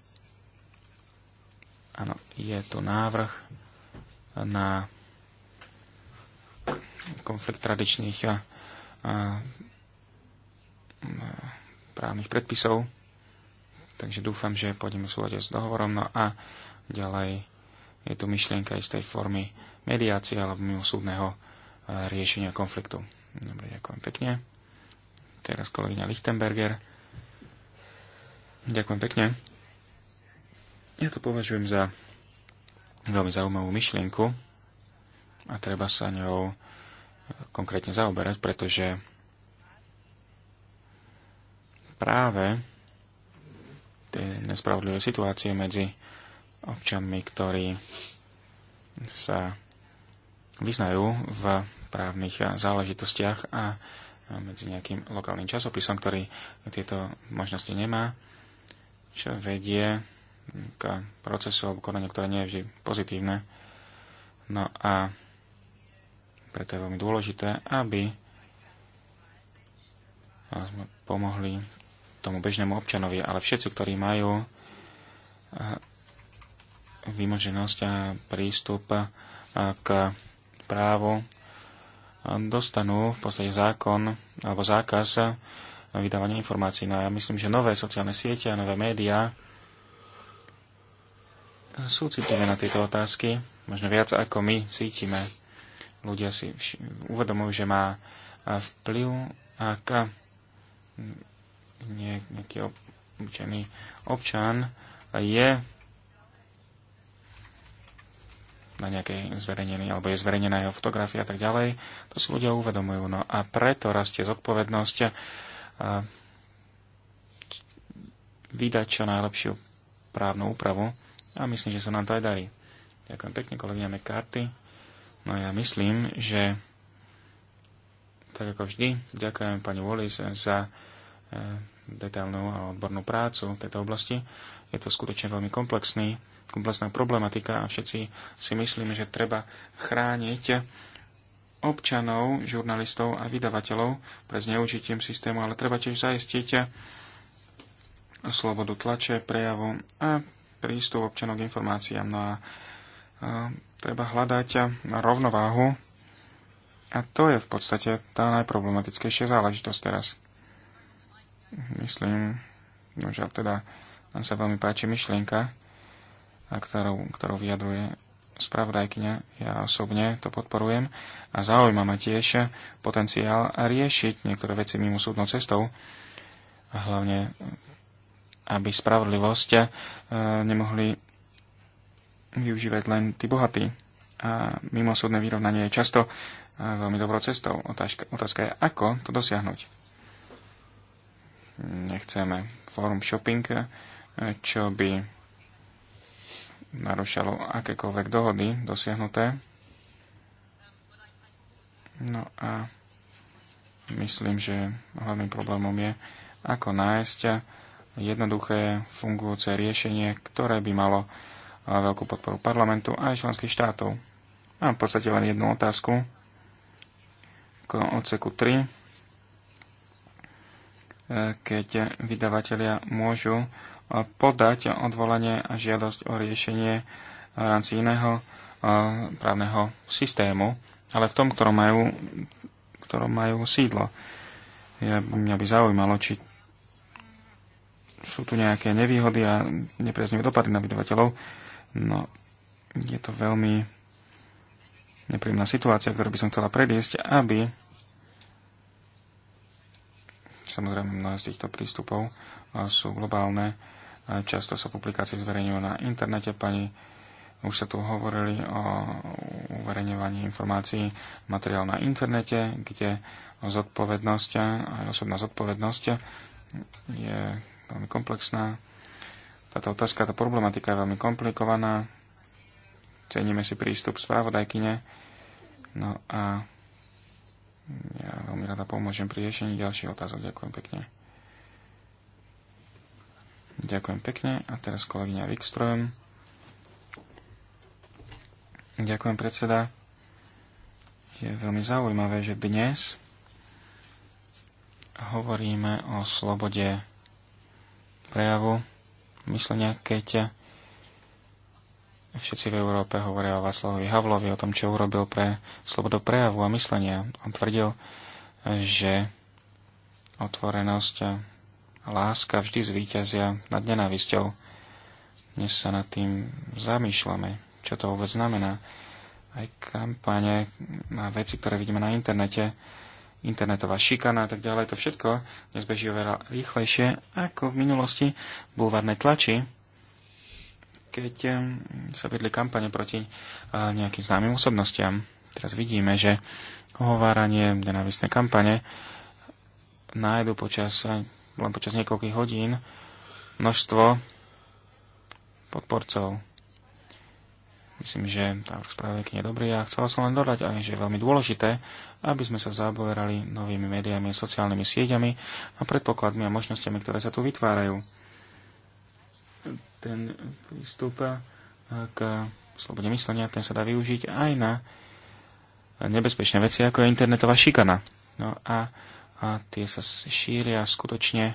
áno, je to návrh na konflikt tradičných a, a, právnych predpisov. Takže dúfam, že pôjdeme v súlade s dohovorom. No a ďalej je tu myšlienka istej formy mediácie alebo mimosúdneho e, riešenia konfliktu. Dobre, ďakujem pekne. Teraz kolegyňa Lichtenberger. Ďakujem pekne. Ja to považujem za veľmi zaujímavú myšlienku a treba sa ňou konkrétne zaoberať, pretože práve tie nespravodlivé situácie medzi občanmi, ktorí sa vyznajú v právnych záležitostiach a medzi nejakým lokálnym časopisom, ktorý tieto možnosti nemá, čo vedie k procesu alebo konaniu, ktoré nie je vždy pozitívne. No a preto je veľmi dôležité, aby sme pomohli tomu bežnému občanovi, ale všetci, ktorí majú eh, vymoženosť a prístup eh, k právu, eh, dostanú v podstate zákon alebo zákaz vydávania informácií. No a ja myslím, že nové sociálne siete a nové médiá sú na tieto otázky, možno viac ako my cítime. Ľudia si uvedomujú, že má vplyv, ak nie, nejaký obyčajný občan je na nejakej zverejnenej, alebo je zverejnená jeho fotografia a tak ďalej. To si ľudia uvedomujú. No a preto rastie zodpovednosť a vydať čo najlepšiu právnu úpravu a myslím, že sa nám to aj darí. Ďakujem pekne, kolegyňa karty. No ja myslím, že tak ako vždy, ďakujem pani Wallis za e, detailnú a odbornú prácu v tejto oblasti. Je to skutočne veľmi komplexný, komplexná problematika a všetci si myslíme, že treba chrániť občanov, žurnalistov a vydavateľov pre zneužitím systému, ale treba tiež zaistiť slobodu tlače, prejavu a prístup občanov k informáciám. No a, e, treba hľadať rovnováhu a to je v podstate tá najproblematickejšia záležitosť teraz. Myslím, no že teda nám sa veľmi páči myšlienka, a ktorou, ktorou vyjadruje spravodajkňa. Ja osobne to podporujem a zaujíma ma tiež potenciál riešiť niektoré veci mimo súdnou cestou, a hlavne aby spravodlivosť eh, nemohli využívať len tí bohatí. A mimosúdne vyrovnanie je často eh, veľmi dobrou cestou. Otázka, otázka je, ako to dosiahnuť. Nechceme forum shopping, eh, čo by narušalo akékoľvek dohody dosiahnuté. No a myslím, že hlavným problémom je, ako nájsť jednoduché fungujúce riešenie, ktoré by malo e, veľkú podporu parlamentu aj členských štátov. Mám v podstate len jednu otázku k odseku 3, e, keď vydavatelia môžu e, podať odvolanie a žiadosť o riešenie v rámci iného právneho systému, ale v tom, ktorom majú, ktorom majú sídlo. Ja, mňa by zaujímalo, či sú tu nejaké nevýhody a nepriaznivé dopady na vydavateľov. No, je to veľmi nepríjemná situácia, ktorú by som chcela predísť, aby samozrejme mnohé z týchto prístupov sú globálne. Často sa publikácie zverejňujú na internete. Pani, už sa tu hovorili o uverejňovaní informácií materiál na internete, kde zodpovednosť, aj osobná zodpovednosť je veľmi komplexná. Táto otázka, tá problematika je veľmi komplikovaná. Ceníme si prístup správodajkyne. No a ja veľmi rada pomôžem pri riešení ďalších otázok. Ďakujem pekne. Ďakujem pekne. A teraz kolegyňa Wikström. Ďakujem, predseda. Je veľmi zaujímavé, že dnes hovoríme o slobode prejavu myslenia, keď všetci v Európe hovoria o Václavovi Havlovi, o tom, čo urobil pre slobodu prejavu a myslenia. On tvrdil, že otvorenosť a láska vždy zvíťazia nad nenávisťou. Dnes sa nad tým zamýšľame, čo to vôbec znamená. Aj kampane a veci, ktoré vidíme na internete, internetová šikana a tak ďalej, to všetko dnes beží oveľa rýchlejšie ako v minulosti v bulvárnej tlači, keď sa vedli kampane proti eh, nejakým známym osobnostiam. Teraz vidíme, že ohováranie, nenávisné kampane nájdu počas, len počas niekoľkých hodín množstvo podporcov Myslím, že návrh spravodajky je dobrý a chcela som len dodať aj, že je veľmi dôležité, aby sme sa zaoberali novými médiami, sociálnymi sieťami a predpokladmi a možnosťami, ktoré sa tu vytvárajú. Ten prístup eh, k slobode myslenia, ten sa dá využiť aj na nebezpečné veci, ako je internetová šikana. No a, a tie sa šíria skutočne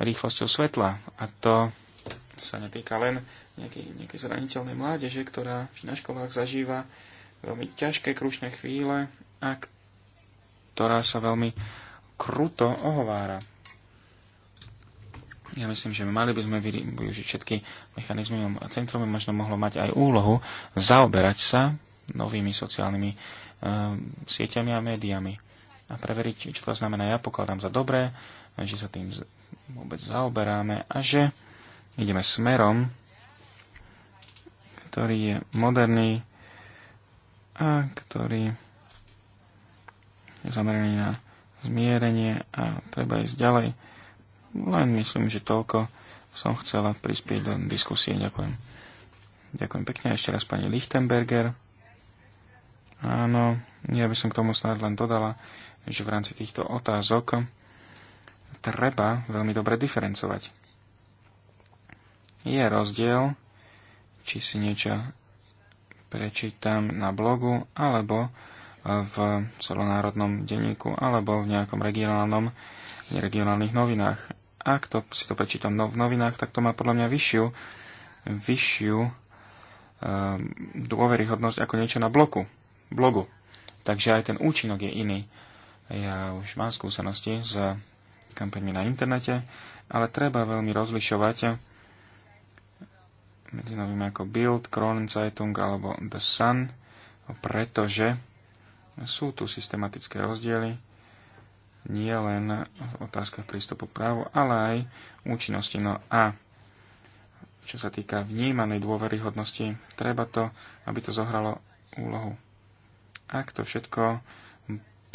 rýchlosťou svetla. A to sa netýka len nejakej, nejakej zraniteľnej mládeže, ktorá na školách zažíva veľmi ťažké krušné chvíle a ktorá sa veľmi kruto ohovára. Ja myslím, že mali by sme využiť všetky mechanizmy a centrum by možno mohlo mať aj úlohu zaoberať sa novými sociálnymi um, sieťami a médiami a preveriť, čo to znamená. Ja pokladám za dobré, že sa tým vôbec zaoberáme a že ideme smerom, ktorý je moderný a ktorý je zameraný na zmierenie a treba ísť ďalej. Len myslím, že toľko som chcela prispieť do diskusie. Ďakujem. Ďakujem pekne ešte raz pani Lichtenberger. Áno, ja by som k tomu snad len dodala, že v rámci týchto otázok treba veľmi dobre diferencovať je rozdiel, či si niečo prečítam na blogu, alebo v celonárodnom denníku, alebo v nejakom regionálnom, regionálnych novinách. Ak to, si to prečítam no, v novinách, tak to má podľa mňa vyššiu, vyššiu eh, dôveryhodnosť ako niečo na bloku, blogu. Takže aj ten účinok je iný. Ja už mám skúsenosti s kampaňmi na internete, ale treba veľmi rozlišovať medzi novými ako Bild, Kronenzeitung alebo The Sun, pretože sú tu systematické rozdiely nie len v otázkach prístupu k právu, ale aj účinnosti. No a čo sa týka vnímanej dôveryhodnosti, treba to, aby to zohralo úlohu. Ak to všetko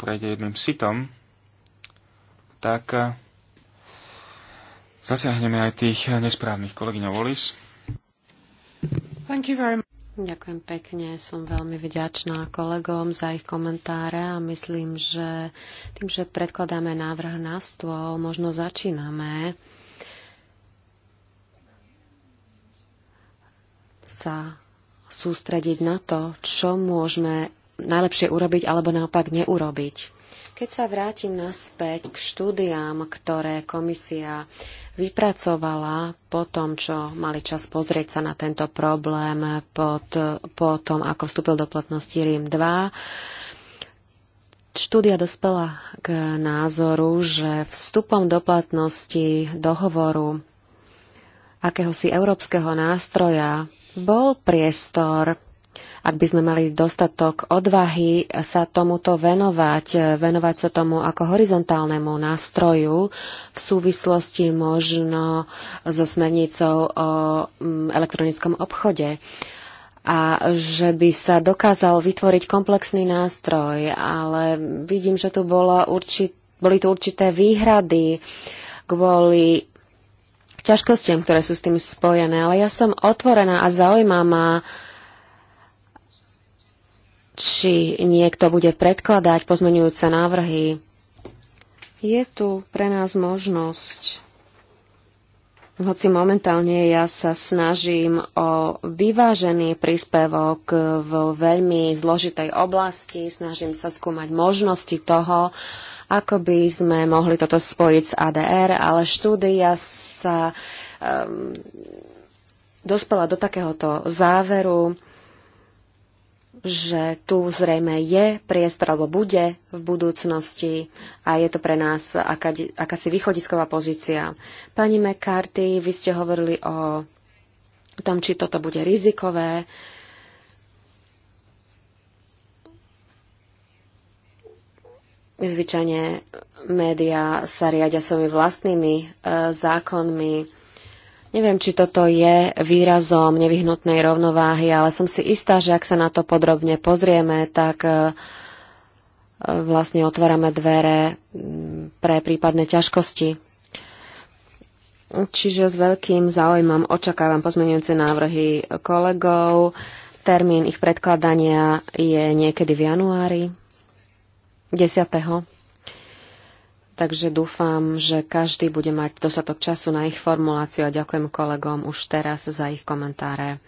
prejde jedným sitom, tak zasiahneme aj tých nesprávnych kolegyňov Volis. Ďakujem pekne, som veľmi vďačná kolegom za ich komentáre a myslím, že tým, že predkladáme návrh na stôl, možno začíname sa sústrediť na to, čo môžeme najlepšie urobiť alebo naopak neurobiť. Keď sa vrátim naspäť k štúdiám, ktoré komisia vypracovala po tom, čo mali čas pozrieť sa na tento problém pod, po tom, ako vstúpil do platnosti RIM 2, štúdia dospela k názoru, že vstupom do platnosti dohovoru akéhosi európskeho nástroja bol priestor ak by sme mali dostatok odvahy sa tomuto venovať, venovať sa tomu ako horizontálnemu nástroju v súvislosti možno so smernicou o mm, elektronickom obchode a že by sa dokázal vytvoriť komplexný nástroj, ale vidím, že tu bola určit, boli tu určité výhrady kvôli ťažkostiam, ktoré sú s tým spojené, ale ja som otvorená a zaujímavá či niekto bude predkladať pozmenujúce návrhy. Je tu pre nás možnosť, hoci momentálne ja sa snažím o vyvážený príspevok v veľmi zložitej oblasti, snažím sa skúmať možnosti toho, ako by sme mohli toto spojiť s ADR, ale štúdia sa um, dospela do takéhoto záveru, že tu zrejme je priestor, alebo bude v budúcnosti a je to pre nás aká, akási východisková pozícia. Pani McCarthy, vy ste hovorili o tom, či toto bude rizikové. Zvyčajne médiá sa riadia svojimi vlastnými e, zákonmi Neviem, či toto je výrazom nevyhnutnej rovnováhy, ale som si istá, že ak sa na to podrobne pozrieme, tak e, e, vlastne otvárame dvere pre prípadné ťažkosti Čiže s veľkým záujmom očakávam pozmenujúce návrhy kolegov. Termín ich predkladania je niekedy v januári 10 takže dúfam, že každý bude mať dostatok času na ich formuláciu a ďakujem kolegom už teraz za ich komentáre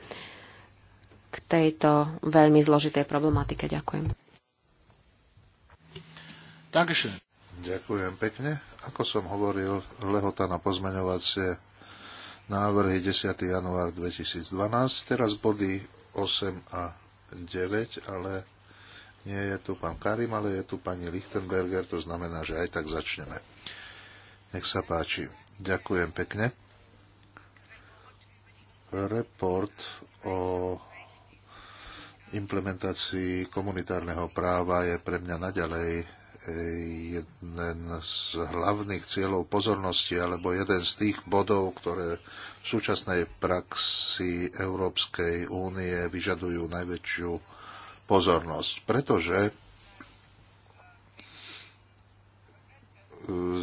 k tejto veľmi zložitej problematike. Ďakujem. Takže. Ďakujem pekne. Ako som hovoril, lehota na pozmeňovacie návrhy 10. január 2012, teraz body 8 a 9, ale nie je tu pán Karim, ale je tu pani Lichtenberger, to znamená, že aj tak začneme. Nech sa páči. Ďakujem pekne. Report o implementácii komunitárneho práva je pre mňa naďalej eh, jeden z hlavných cieľov pozornosti, alebo jeden z tých bodov, ktoré v súčasnej praxi Európskej únie vyžadujú najväčšiu pozornosť, pretože e,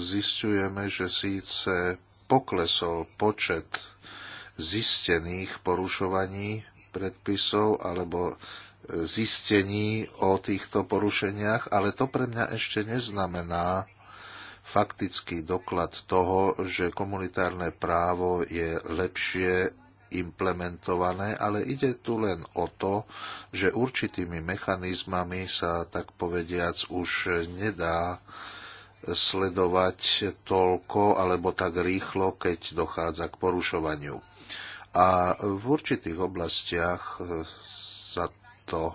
zistujeme, že síce poklesol počet zistených porušovaní predpisov alebo e, zistení o týchto porušeniach, ale to pre mňa ešte neznamená faktický doklad toho, že komunitárne právo je lepšie implementované, ale ide tu len o to, že určitými mechanizmami sa tak povediac už nedá sledovať toľko alebo tak rýchlo, keď dochádza k porušovaniu. A v určitých oblastiach sa to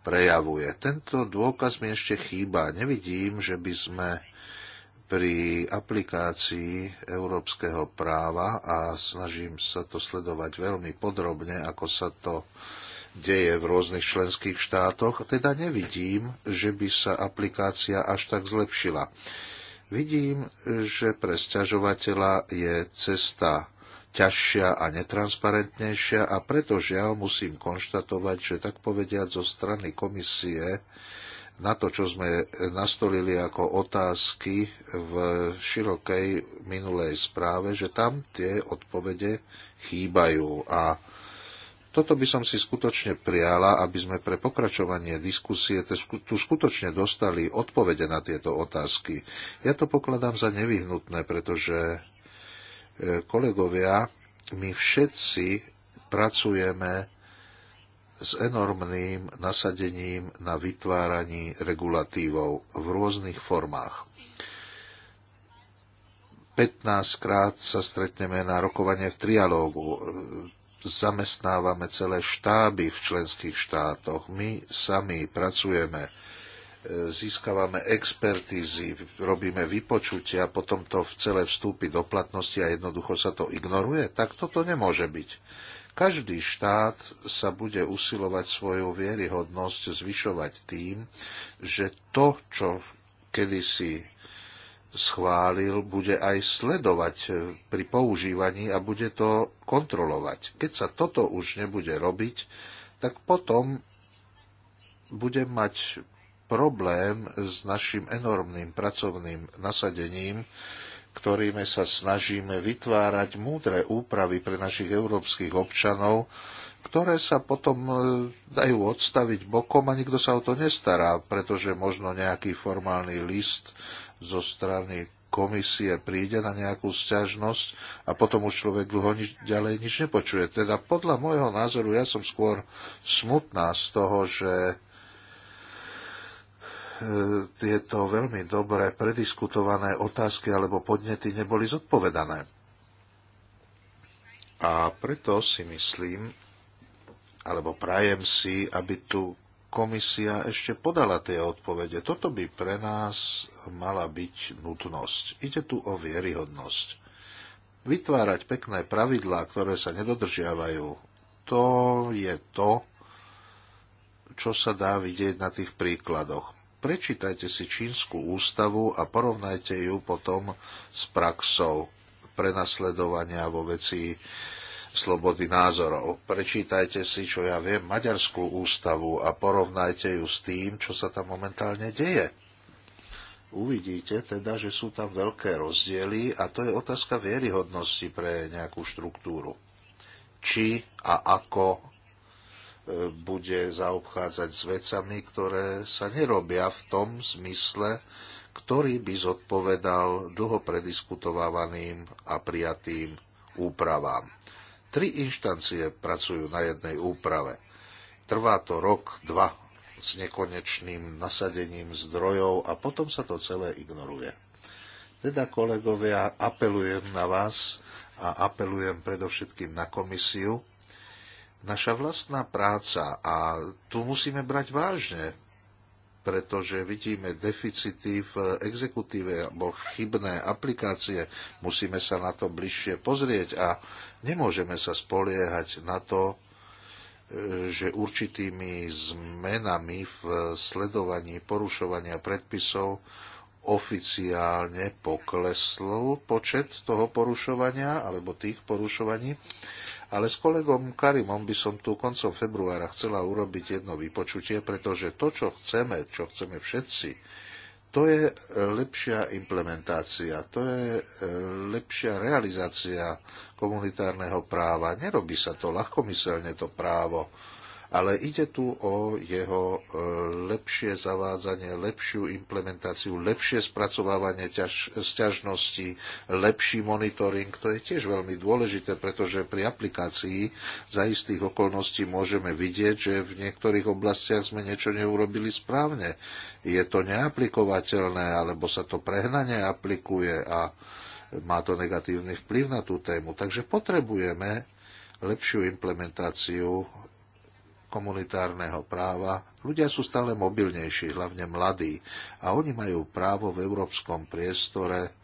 prejavuje. Tento dôkaz mi ešte chýba. Nevidím, že by sme pri aplikácii európskeho práva a snažím sa to sledovať veľmi podrobne, ako sa to deje v rôznych členských štátoch, teda nevidím, že by sa aplikácia až tak zlepšila. Vidím, že pre sťažovateľa je cesta ťažšia a netransparentnejšia a preto žiaľ musím konštatovať, že tak povediať zo strany komisie na to, čo sme nastolili ako otázky v širokej minulej správe, že tam tie odpovede chýbajú. A toto by som si skutočne prijala, aby sme pre pokračovanie diskusie tu skutočne dostali odpovede na tieto otázky. Ja to pokladám za nevyhnutné, pretože e, kolegovia, my všetci pracujeme s enormným nasadením na vytváraní regulatívov v rôznych formách. 15 krát sa stretneme na rokovanie v trialógu. Zamestnávame celé štáby v členských štátoch. My sami pracujeme, e, získavame expertízy, robíme vypočutia, potom to v celé vstúpi do platnosti a jednoducho sa to ignoruje. Tak toto nemôže byť každý štát sa bude usilovať svoju vieryhodnosť zvyšovať tým, že to, čo kedysi schválil, bude aj sledovať pri používaní a bude to kontrolovať. Keď sa toto už nebude robiť, tak potom bude mať problém s našim enormným pracovným nasadením ktorými sa snažíme vytvárať múdre úpravy pre našich európskych občanov, ktoré sa potom e, dajú odstaviť bokom a nikto sa o to nestará, pretože možno nejaký formálny list zo strany komisie príde na nejakú sťažnosť a potom už človek dlho nič, ďalej nič nepočuje. Teda podľa môjho názoru ja som skôr smutná z toho, že E, tieto veľmi dobré prediskutované otázky alebo podnety neboli zodpovedané. A preto si myslím, alebo prajem si, aby tu komisia ešte podala tie odpovede. Toto by pre nás mala byť nutnosť. Ide tu o vieryhodnosť. Vytvárať pekné pravidlá, ktoré sa nedodržiavajú, to je to, čo sa dá vidieť na tých príkladoch prečítajte si čínsku ústavu a porovnajte ju potom s praxou prenasledovania vo veci slobody názorov. Prečítajte si, čo ja viem, maďarskú ústavu a porovnajte ju s tým, čo sa tam momentálne deje. Uvidíte teda, že sú tam veľké rozdiely a to je otázka vieryhodnosti pre nejakú štruktúru. Či a ako bude zaobchádzať s vecami, ktoré sa nerobia v tom zmysle, ktorý by zodpovedal dlho prediskutovaným a prijatým úpravám. Tri inštancie pracujú na jednej úprave. Trvá to rok, dva s nekonečným nasadením zdrojov a potom sa to celé ignoruje. Teda, kolegovia, apelujem na vás a apelujem predovšetkým na komisiu, naša vlastná práca a tu musíme brať vážne, pretože vidíme deficity v exekutíve alebo chybné aplikácie. Musíme sa na to bližšie pozrieť a nemôžeme sa spoliehať na to, e, že určitými zmenami v sledovaní porušovania predpisov oficiálne poklesl počet toho porušovania alebo tých porušovaní ale s kolegom Karimom by som tu koncom februára chcela urobiť jedno vypočutie, pretože to, čo chceme, čo chceme všetci, to je e, lepšia implementácia, to je e, lepšia realizácia komunitárneho práva. Nerobí sa to ľahkomyselne, to právo ale ide tu o jeho e, lepšie zavádzanie, lepšiu implementáciu, lepšie spracovávanie ťaž, sťažností, lepší monitoring. To je tiež veľmi dôležité, pretože pri aplikácii za istých okolností môžeme vidieť, že v niektorých oblastiach sme niečo neurobili správne. Je to neaplikovateľné, alebo sa to prehnane aplikuje a má to negatívny vplyv na tú tému. Takže potrebujeme lepšiu implementáciu komunitárneho práva, ľudia sú stále mobilnejší, hlavne mladí, a oni majú právo v európskom priestore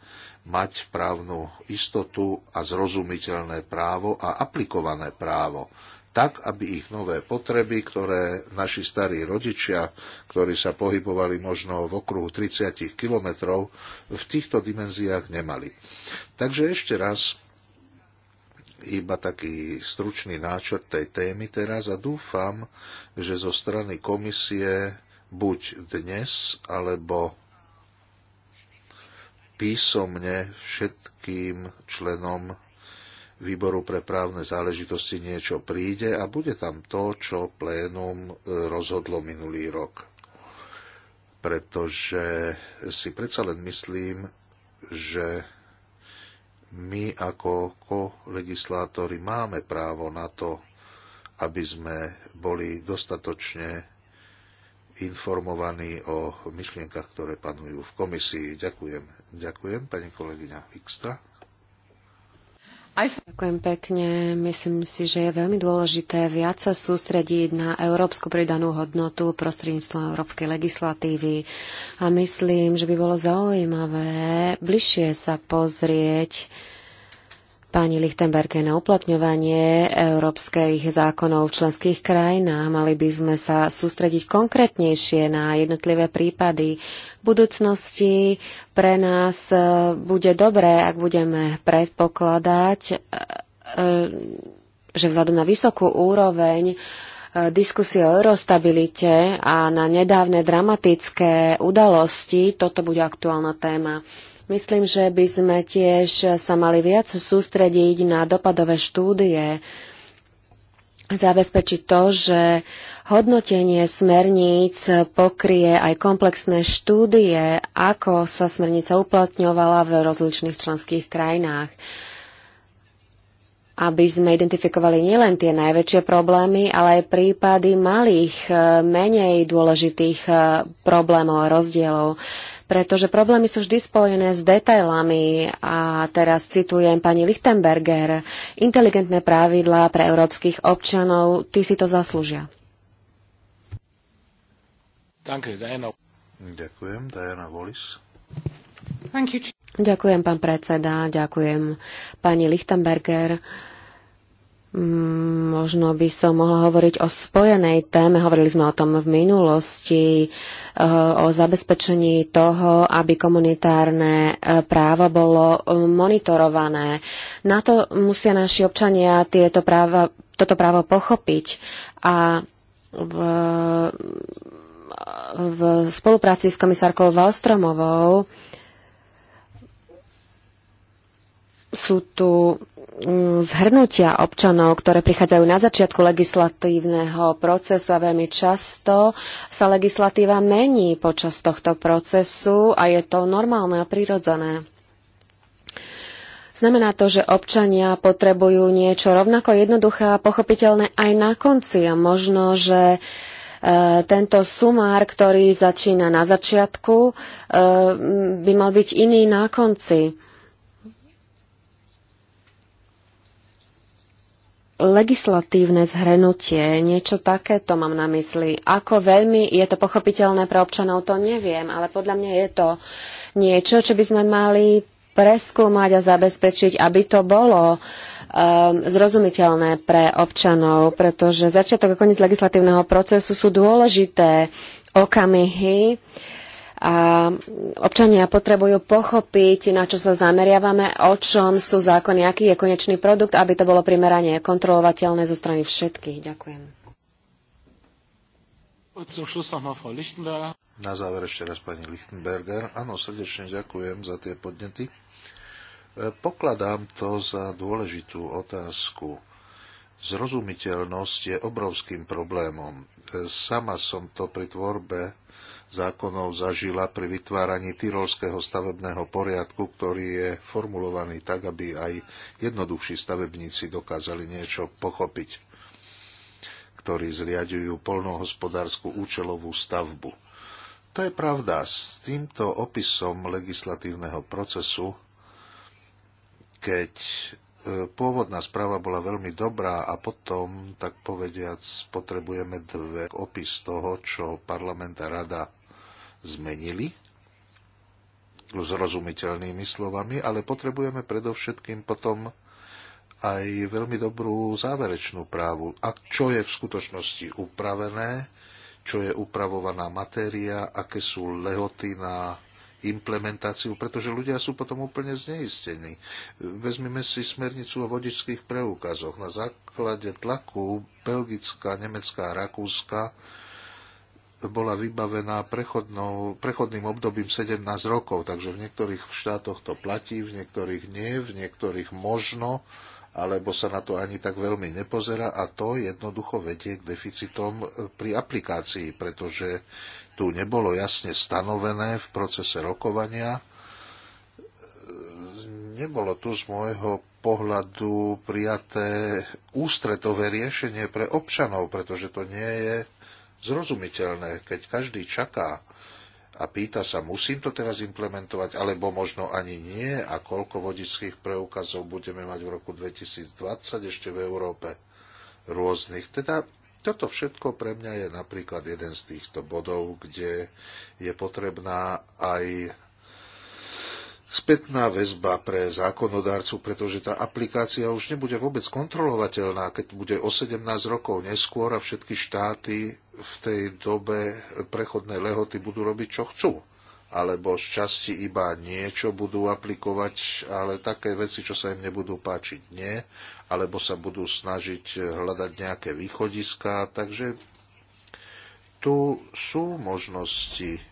mať právnu istotu a zrozumiteľné právo a aplikované právo, tak, aby ich nové potreby, ktoré naši starí rodičia, ktorí sa pohybovali možno v okruhu 30 kilometrov, v týchto dimenziách nemali. Takže ešte raz iba taký stručný náčrt tej témy teraz a dúfam, že zo strany komisie buď dnes alebo písomne všetkým členom výboru pre právne záležitosti niečo príde a bude tam to, čo plénum e, rozhodlo minulý rok. Pretože si predsa len myslím, že my ako kolegislátori máme právo na to, aby sme boli dostatočne informovaní o myšlienkach, ktoré panujú v komisii. Ďakujem. Ďakujem, pani kolegyňa Vikstra. Ďakujem pekne. Myslím si, že je veľmi dôležité viac sa sústrediť na európsku pridanú hodnotu prostredníctvom európskej legislatívy. A myslím, že by bolo zaujímavé bližšie sa pozrieť pani Lichtenberge na uplatňovanie európskych zákonov v členských krajinách. Mali by sme sa sústrediť konkrétnejšie na jednotlivé prípady. V budúcnosti pre nás e, bude dobré, ak budeme predpokladať, e, e, že vzhľadom na vysokú úroveň diskusie o eurostabilite a na nedávne dramatické udalosti toto bude aktuálna téma. Myslím, že by sme tiež sa mali viac sústrediť na dopadové štúdie, zabezpečiť to, že hodnotenie smerníc pokrie aj komplexné štúdie, ako sa smernica uplatňovala v rozličných členských krajinách aby sme identifikovali nielen tie najväčšie problémy, ale aj prípady malých, menej dôležitých eh, problémov a rozdielov pretože problémy sú vždy spojené s detailami a teraz citujem pani Lichtenberger, inteligentné pravidlá pre európskych občanov, ty si to zaslúžia. Ďakujem, Diana Wallis. Ďakujem, pán predseda, ďakujem pani Lichtenberger. Možno by som mohla hovoriť o spojenej téme. Hovorili sme o tom v minulosti, eh, o zabezpečení toho, aby komunitárne eh, právo bolo eh, monitorované. Na to musia naši občania tieto práva, toto právo pochopiť a v, v spolupráci s komisárkou Valstromovou sú tu Mm, zhrnutia občanov, ktoré prichádzajú na začiatku legislatívneho procesu a veľmi často sa legislatíva mení počas tohto procesu a je to normálne a prirodzené. Znamená to, že občania potrebujú niečo rovnako jednoduché a pochopiteľné aj na konci a možno, že e, tento sumár, ktorý začína na začiatku, e, by mal byť iný na konci. legislatívne zhrnutie, niečo takéto mám na mysli. Ako veľmi je to pochopiteľné pre občanov, to neviem, ale podľa mňa je to niečo, čo by sme mali preskúmať a zabezpečiť, aby to bolo um, zrozumiteľné pre občanov, pretože začiatok a koniec legislatívneho procesu sú dôležité okamihy, uh, a občania potrebujú pochopiť, na čo sa zameriavame, o čom sú zákony, aký je konečný produkt, aby to bolo primerane kontrolovateľné zo strany všetkých. Ďakujem. Na záver ešte raz pani Lichtenberger. Áno, srdečne ďakujem za tie podnety. E, pokladám to za dôležitú otázku. Zrozumiteľnosť je obrovským problémom. E, sama som to pri tvorbe zákonov zažila pri vytváraní tyrolského stavebného poriadku, ktorý je formulovaný tak, aby aj jednoduchší stavebníci dokázali niečo pochopiť ktorí zriadujú polnohospodárskú účelovú stavbu. To je pravda. S týmto opisom legislatívneho procesu, keď e, pôvodná správa bola veľmi dobrá a potom, tak povediac, potrebujeme dve opis toho, čo parlament a rada zmenili zrozumiteľnými slovami, ale potrebujeme predovšetkým potom aj veľmi dobrú záverečnú právu. A čo je v skutočnosti upravené, čo je upravovaná matéria, aké sú lehoty na implementáciu, pretože ľudia sú potom úplne zneistení. Vezmime si smernicu o vodičských preukazoch. Na základe tlaku Belgická, Nemecká a Rakúska bola vybavená prechodným obdobím 17 rokov, takže v niektorých štátoch to platí, v niektorých nie, v niektorých možno, alebo sa na to ani tak veľmi nepozerá a to jednoducho vedie k deficitom e, pri aplikácii, pretože tu nebolo jasne stanovené v procese rokovania. E, nebolo tu z môjho pohľadu prijaté ústretové riešenie pre občanov, pretože to nie je zrozumiteľné, keď každý čaká a pýta sa, musím to teraz implementovať, alebo možno ani nie, a koľko vodičských preukazov budeme mať v roku 2020 ešte v Európe rôznych. Teda toto všetko pre mňa je napríklad jeden z týchto bodov, kde je potrebná aj spätná väzba pre zákonodárcu, pretože tá aplikácia už nebude vôbec kontrolovateľná, keď bude o 17 rokov neskôr a všetky štáty v tej dobe prechodné lehoty budú robiť, čo chcú. Alebo z časti iba niečo budú aplikovať, ale také veci, čo sa im nebudú páčiť, nie. Alebo sa budú snažiť hľadať nejaké východiska. Takže tu sú možnosti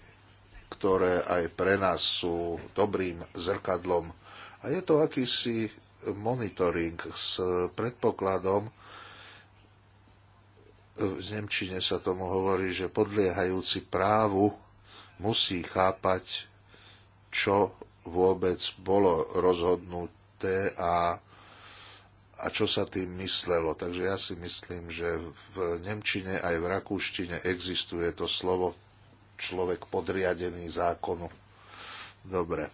ktoré aj pre nás sú dobrým zrkadlom. A je to akýsi monitoring s predpokladom, v Nemčine sa tomu hovorí, že podliehajúci právu musí chápať, čo vôbec bolo rozhodnuté a, a čo sa tým myslelo. Takže ja si myslím, že v Nemčine aj v Rakúštine existuje to slovo človek podriadený zákonu. Dobre.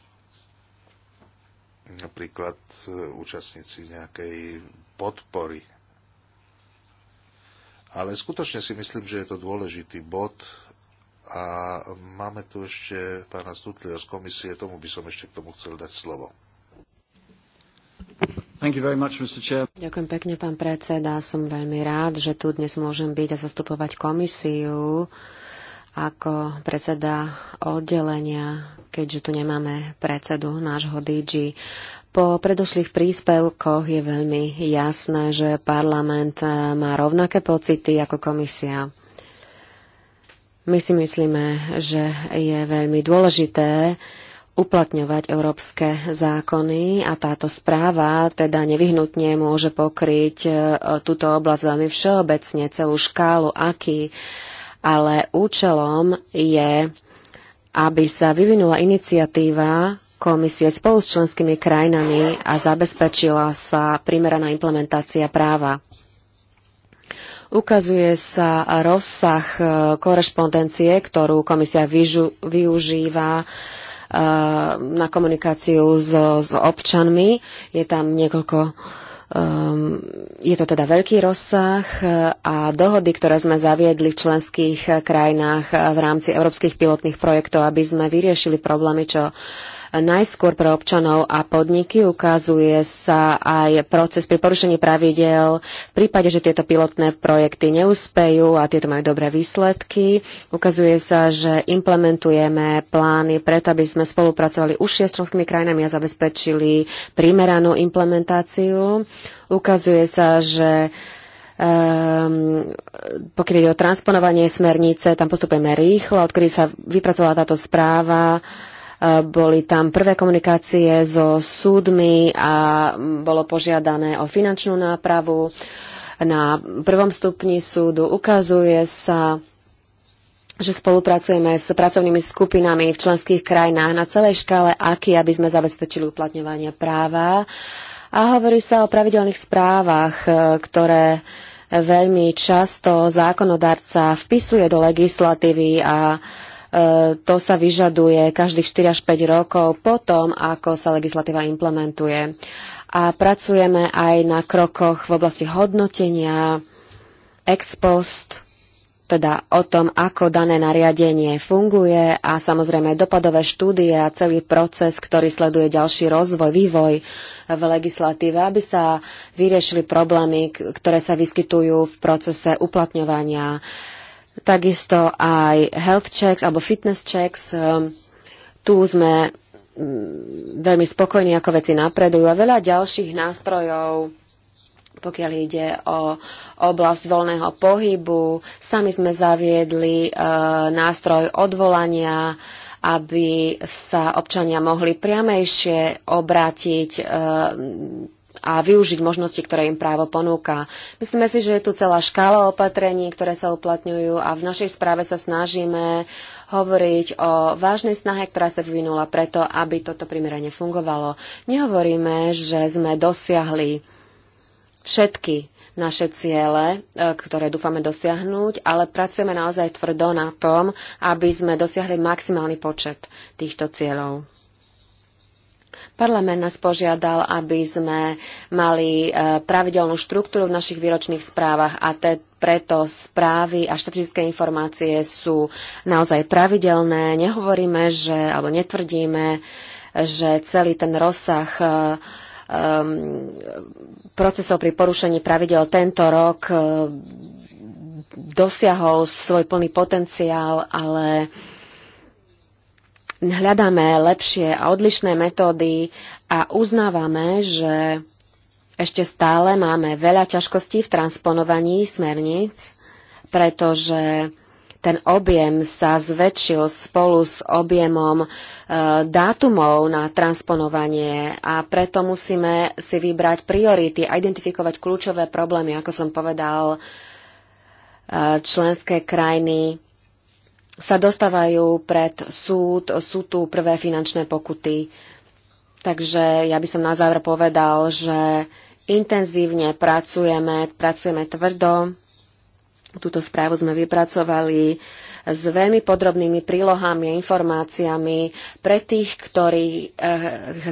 Napríklad e, účastníci nejakej podpory. Ale skutočne si myslím, že je to dôležitý bod a máme tu ešte pána Stutlia z komisie, tomu by som ešte k tomu chcel dať slovo. Much, Ďakujem pekne, pán predseda. Som veľmi rád, že tu dnes môžem byť a zastupovať komisiu ako predseda oddelenia, keďže tu nemáme predsedu nášho DG. Po predošlých príspevkoch je veľmi jasné, že parlament eh, má rovnaké pocity ako komisia. My si myslíme, že je veľmi dôležité uplatňovať európske zákony a táto správa teda nevyhnutne môže pokryť eh, túto oblasť veľmi všeobecne, celú škálu, aký ale účelom je, aby sa vyvinula iniciatíva komisie spolu s členskými krajinami a zabezpečila sa primeraná implementácia práva. Ukazuje sa rozsah e, korešpondencie, ktorú komisia vyžu, využíva e, na komunikáciu so, s občanmi. Je tam niekoľko Um, je to teda veľký rozsah e, a dohody, ktoré sme zaviedli v členských e, krajinách e, v rámci európskych pilotných projektov, aby sme vyriešili problémy čo najskôr pre občanov a podniky. Ukazuje sa aj proces pri porušení pravidel. V prípade, že tieto pilotné projekty neúspejú a tieto majú dobré výsledky, ukazuje sa, že implementujeme plány preto, aby sme spolupracovali už s členskými krajinami a zabezpečili primeranú implementáciu. Ukazuje sa, že Um, pokiaľ ide o transponovanie smernice, tam postupujeme rýchlo, odkedy sa vypracovala táto správa, boli tam prvé komunikácie so súdmi a bolo požiadané o finančnú nápravu. Na prvom stupni súdu ukazuje sa, že spolupracujeme s pracovnými skupinami v členských krajinách na celej škále aký, aby sme zabezpečili uplatňovanie práva. A hovorí sa o pravidelných správach, e, ktoré veľmi často zákonodarca vpisuje do legislatívy a E, to sa vyžaduje každých 4 až 5 rokov potom, ako sa legislatíva implementuje. A pracujeme aj na krokoch v oblasti hodnotenia, ex post, teda o tom, ako dané nariadenie funguje a samozrejme dopadové štúdie a celý proces, ktorý sleduje ďalší rozvoj, vývoj v legislatíve, aby sa vyriešili problémy, ktoré sa vyskytujú v procese uplatňovania uh, takisto aj health checks alebo fitness checks. Um, tu sme mm, veľmi spokojní, ako veci napredujú a veľa ďalších nástrojov, pokiaľ ide o oblasť voľného pohybu. Sami sme zaviedli uh, nástroj odvolania, aby sa občania mohli priamejšie obrátiť uh, a využiť možnosti, ktoré im právo ponúka. Myslíme si, že je tu celá škála opatrení, ktoré sa uplatňujú a v našej správe sa snažíme hovoriť o vážnej snahe, ktorá sa vyvinula preto, aby toto primerane fungovalo. Nehovoríme, že sme dosiahli všetky naše ciele, e, ktoré dúfame dosiahnuť, ale pracujeme naozaj tvrdo na tom, aby sme dosiahli maximálny počet týchto cieľov. Parlament nás požiadal, aby sme mali e, pravidelnú štruktúru v našich výročných správach a te, preto správy a štatistické informácie sú naozaj pravidelné. Nehovoríme, že, alebo netvrdíme, že celý ten rozsah um, procesov pri porušení pravidel tento rok um, dosiahol svoj plný potenciál, ale uh, hľadáme lepšie a odlišné metódy a uznávame, že ešte stále máme veľa ťažkostí v transponovaní smerníc, pretože ten objem sa zväčšil spolu s objemom e, dátumov na transponovanie a preto musíme si vybrať priority a identifikovať kľúčové problémy, ako som povedal, e, členské krajiny sa dostávajú pred súd, sú tu prvé finančné pokuty. Takže ja by som na záver povedal, že intenzívne pracujeme, pracujeme tvrdo. Túto správu sme vypracovali s veľmi podrobnými prílohami a informáciami pre tých, ktorí eh,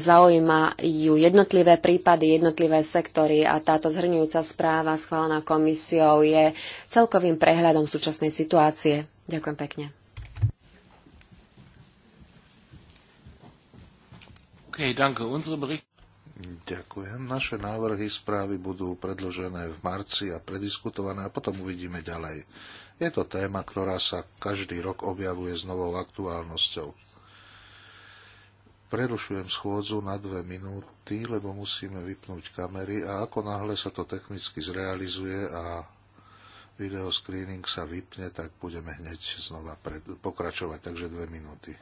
zaujímajú jednotlivé prípady, jednotlivé sektory a táto zhrňujúca správa schválená komisiou je celkovým prehľadom súčasnej situácie. Ďakujem pekne. Okay, danke. Ďakujem. Naše návrhy správy budú predložené v marci a prediskutované a potom uvidíme ďalej. Je to téma, ktorá sa každý rok objavuje s novou aktuálnosťou. Prerušujem schôdzu na dve minúty, lebo musíme vypnúť kamery a ako náhle sa to technicky zrealizuje a video screening sa vypne, tak budeme hneď znova pred, pokračovať, takže dve minúty.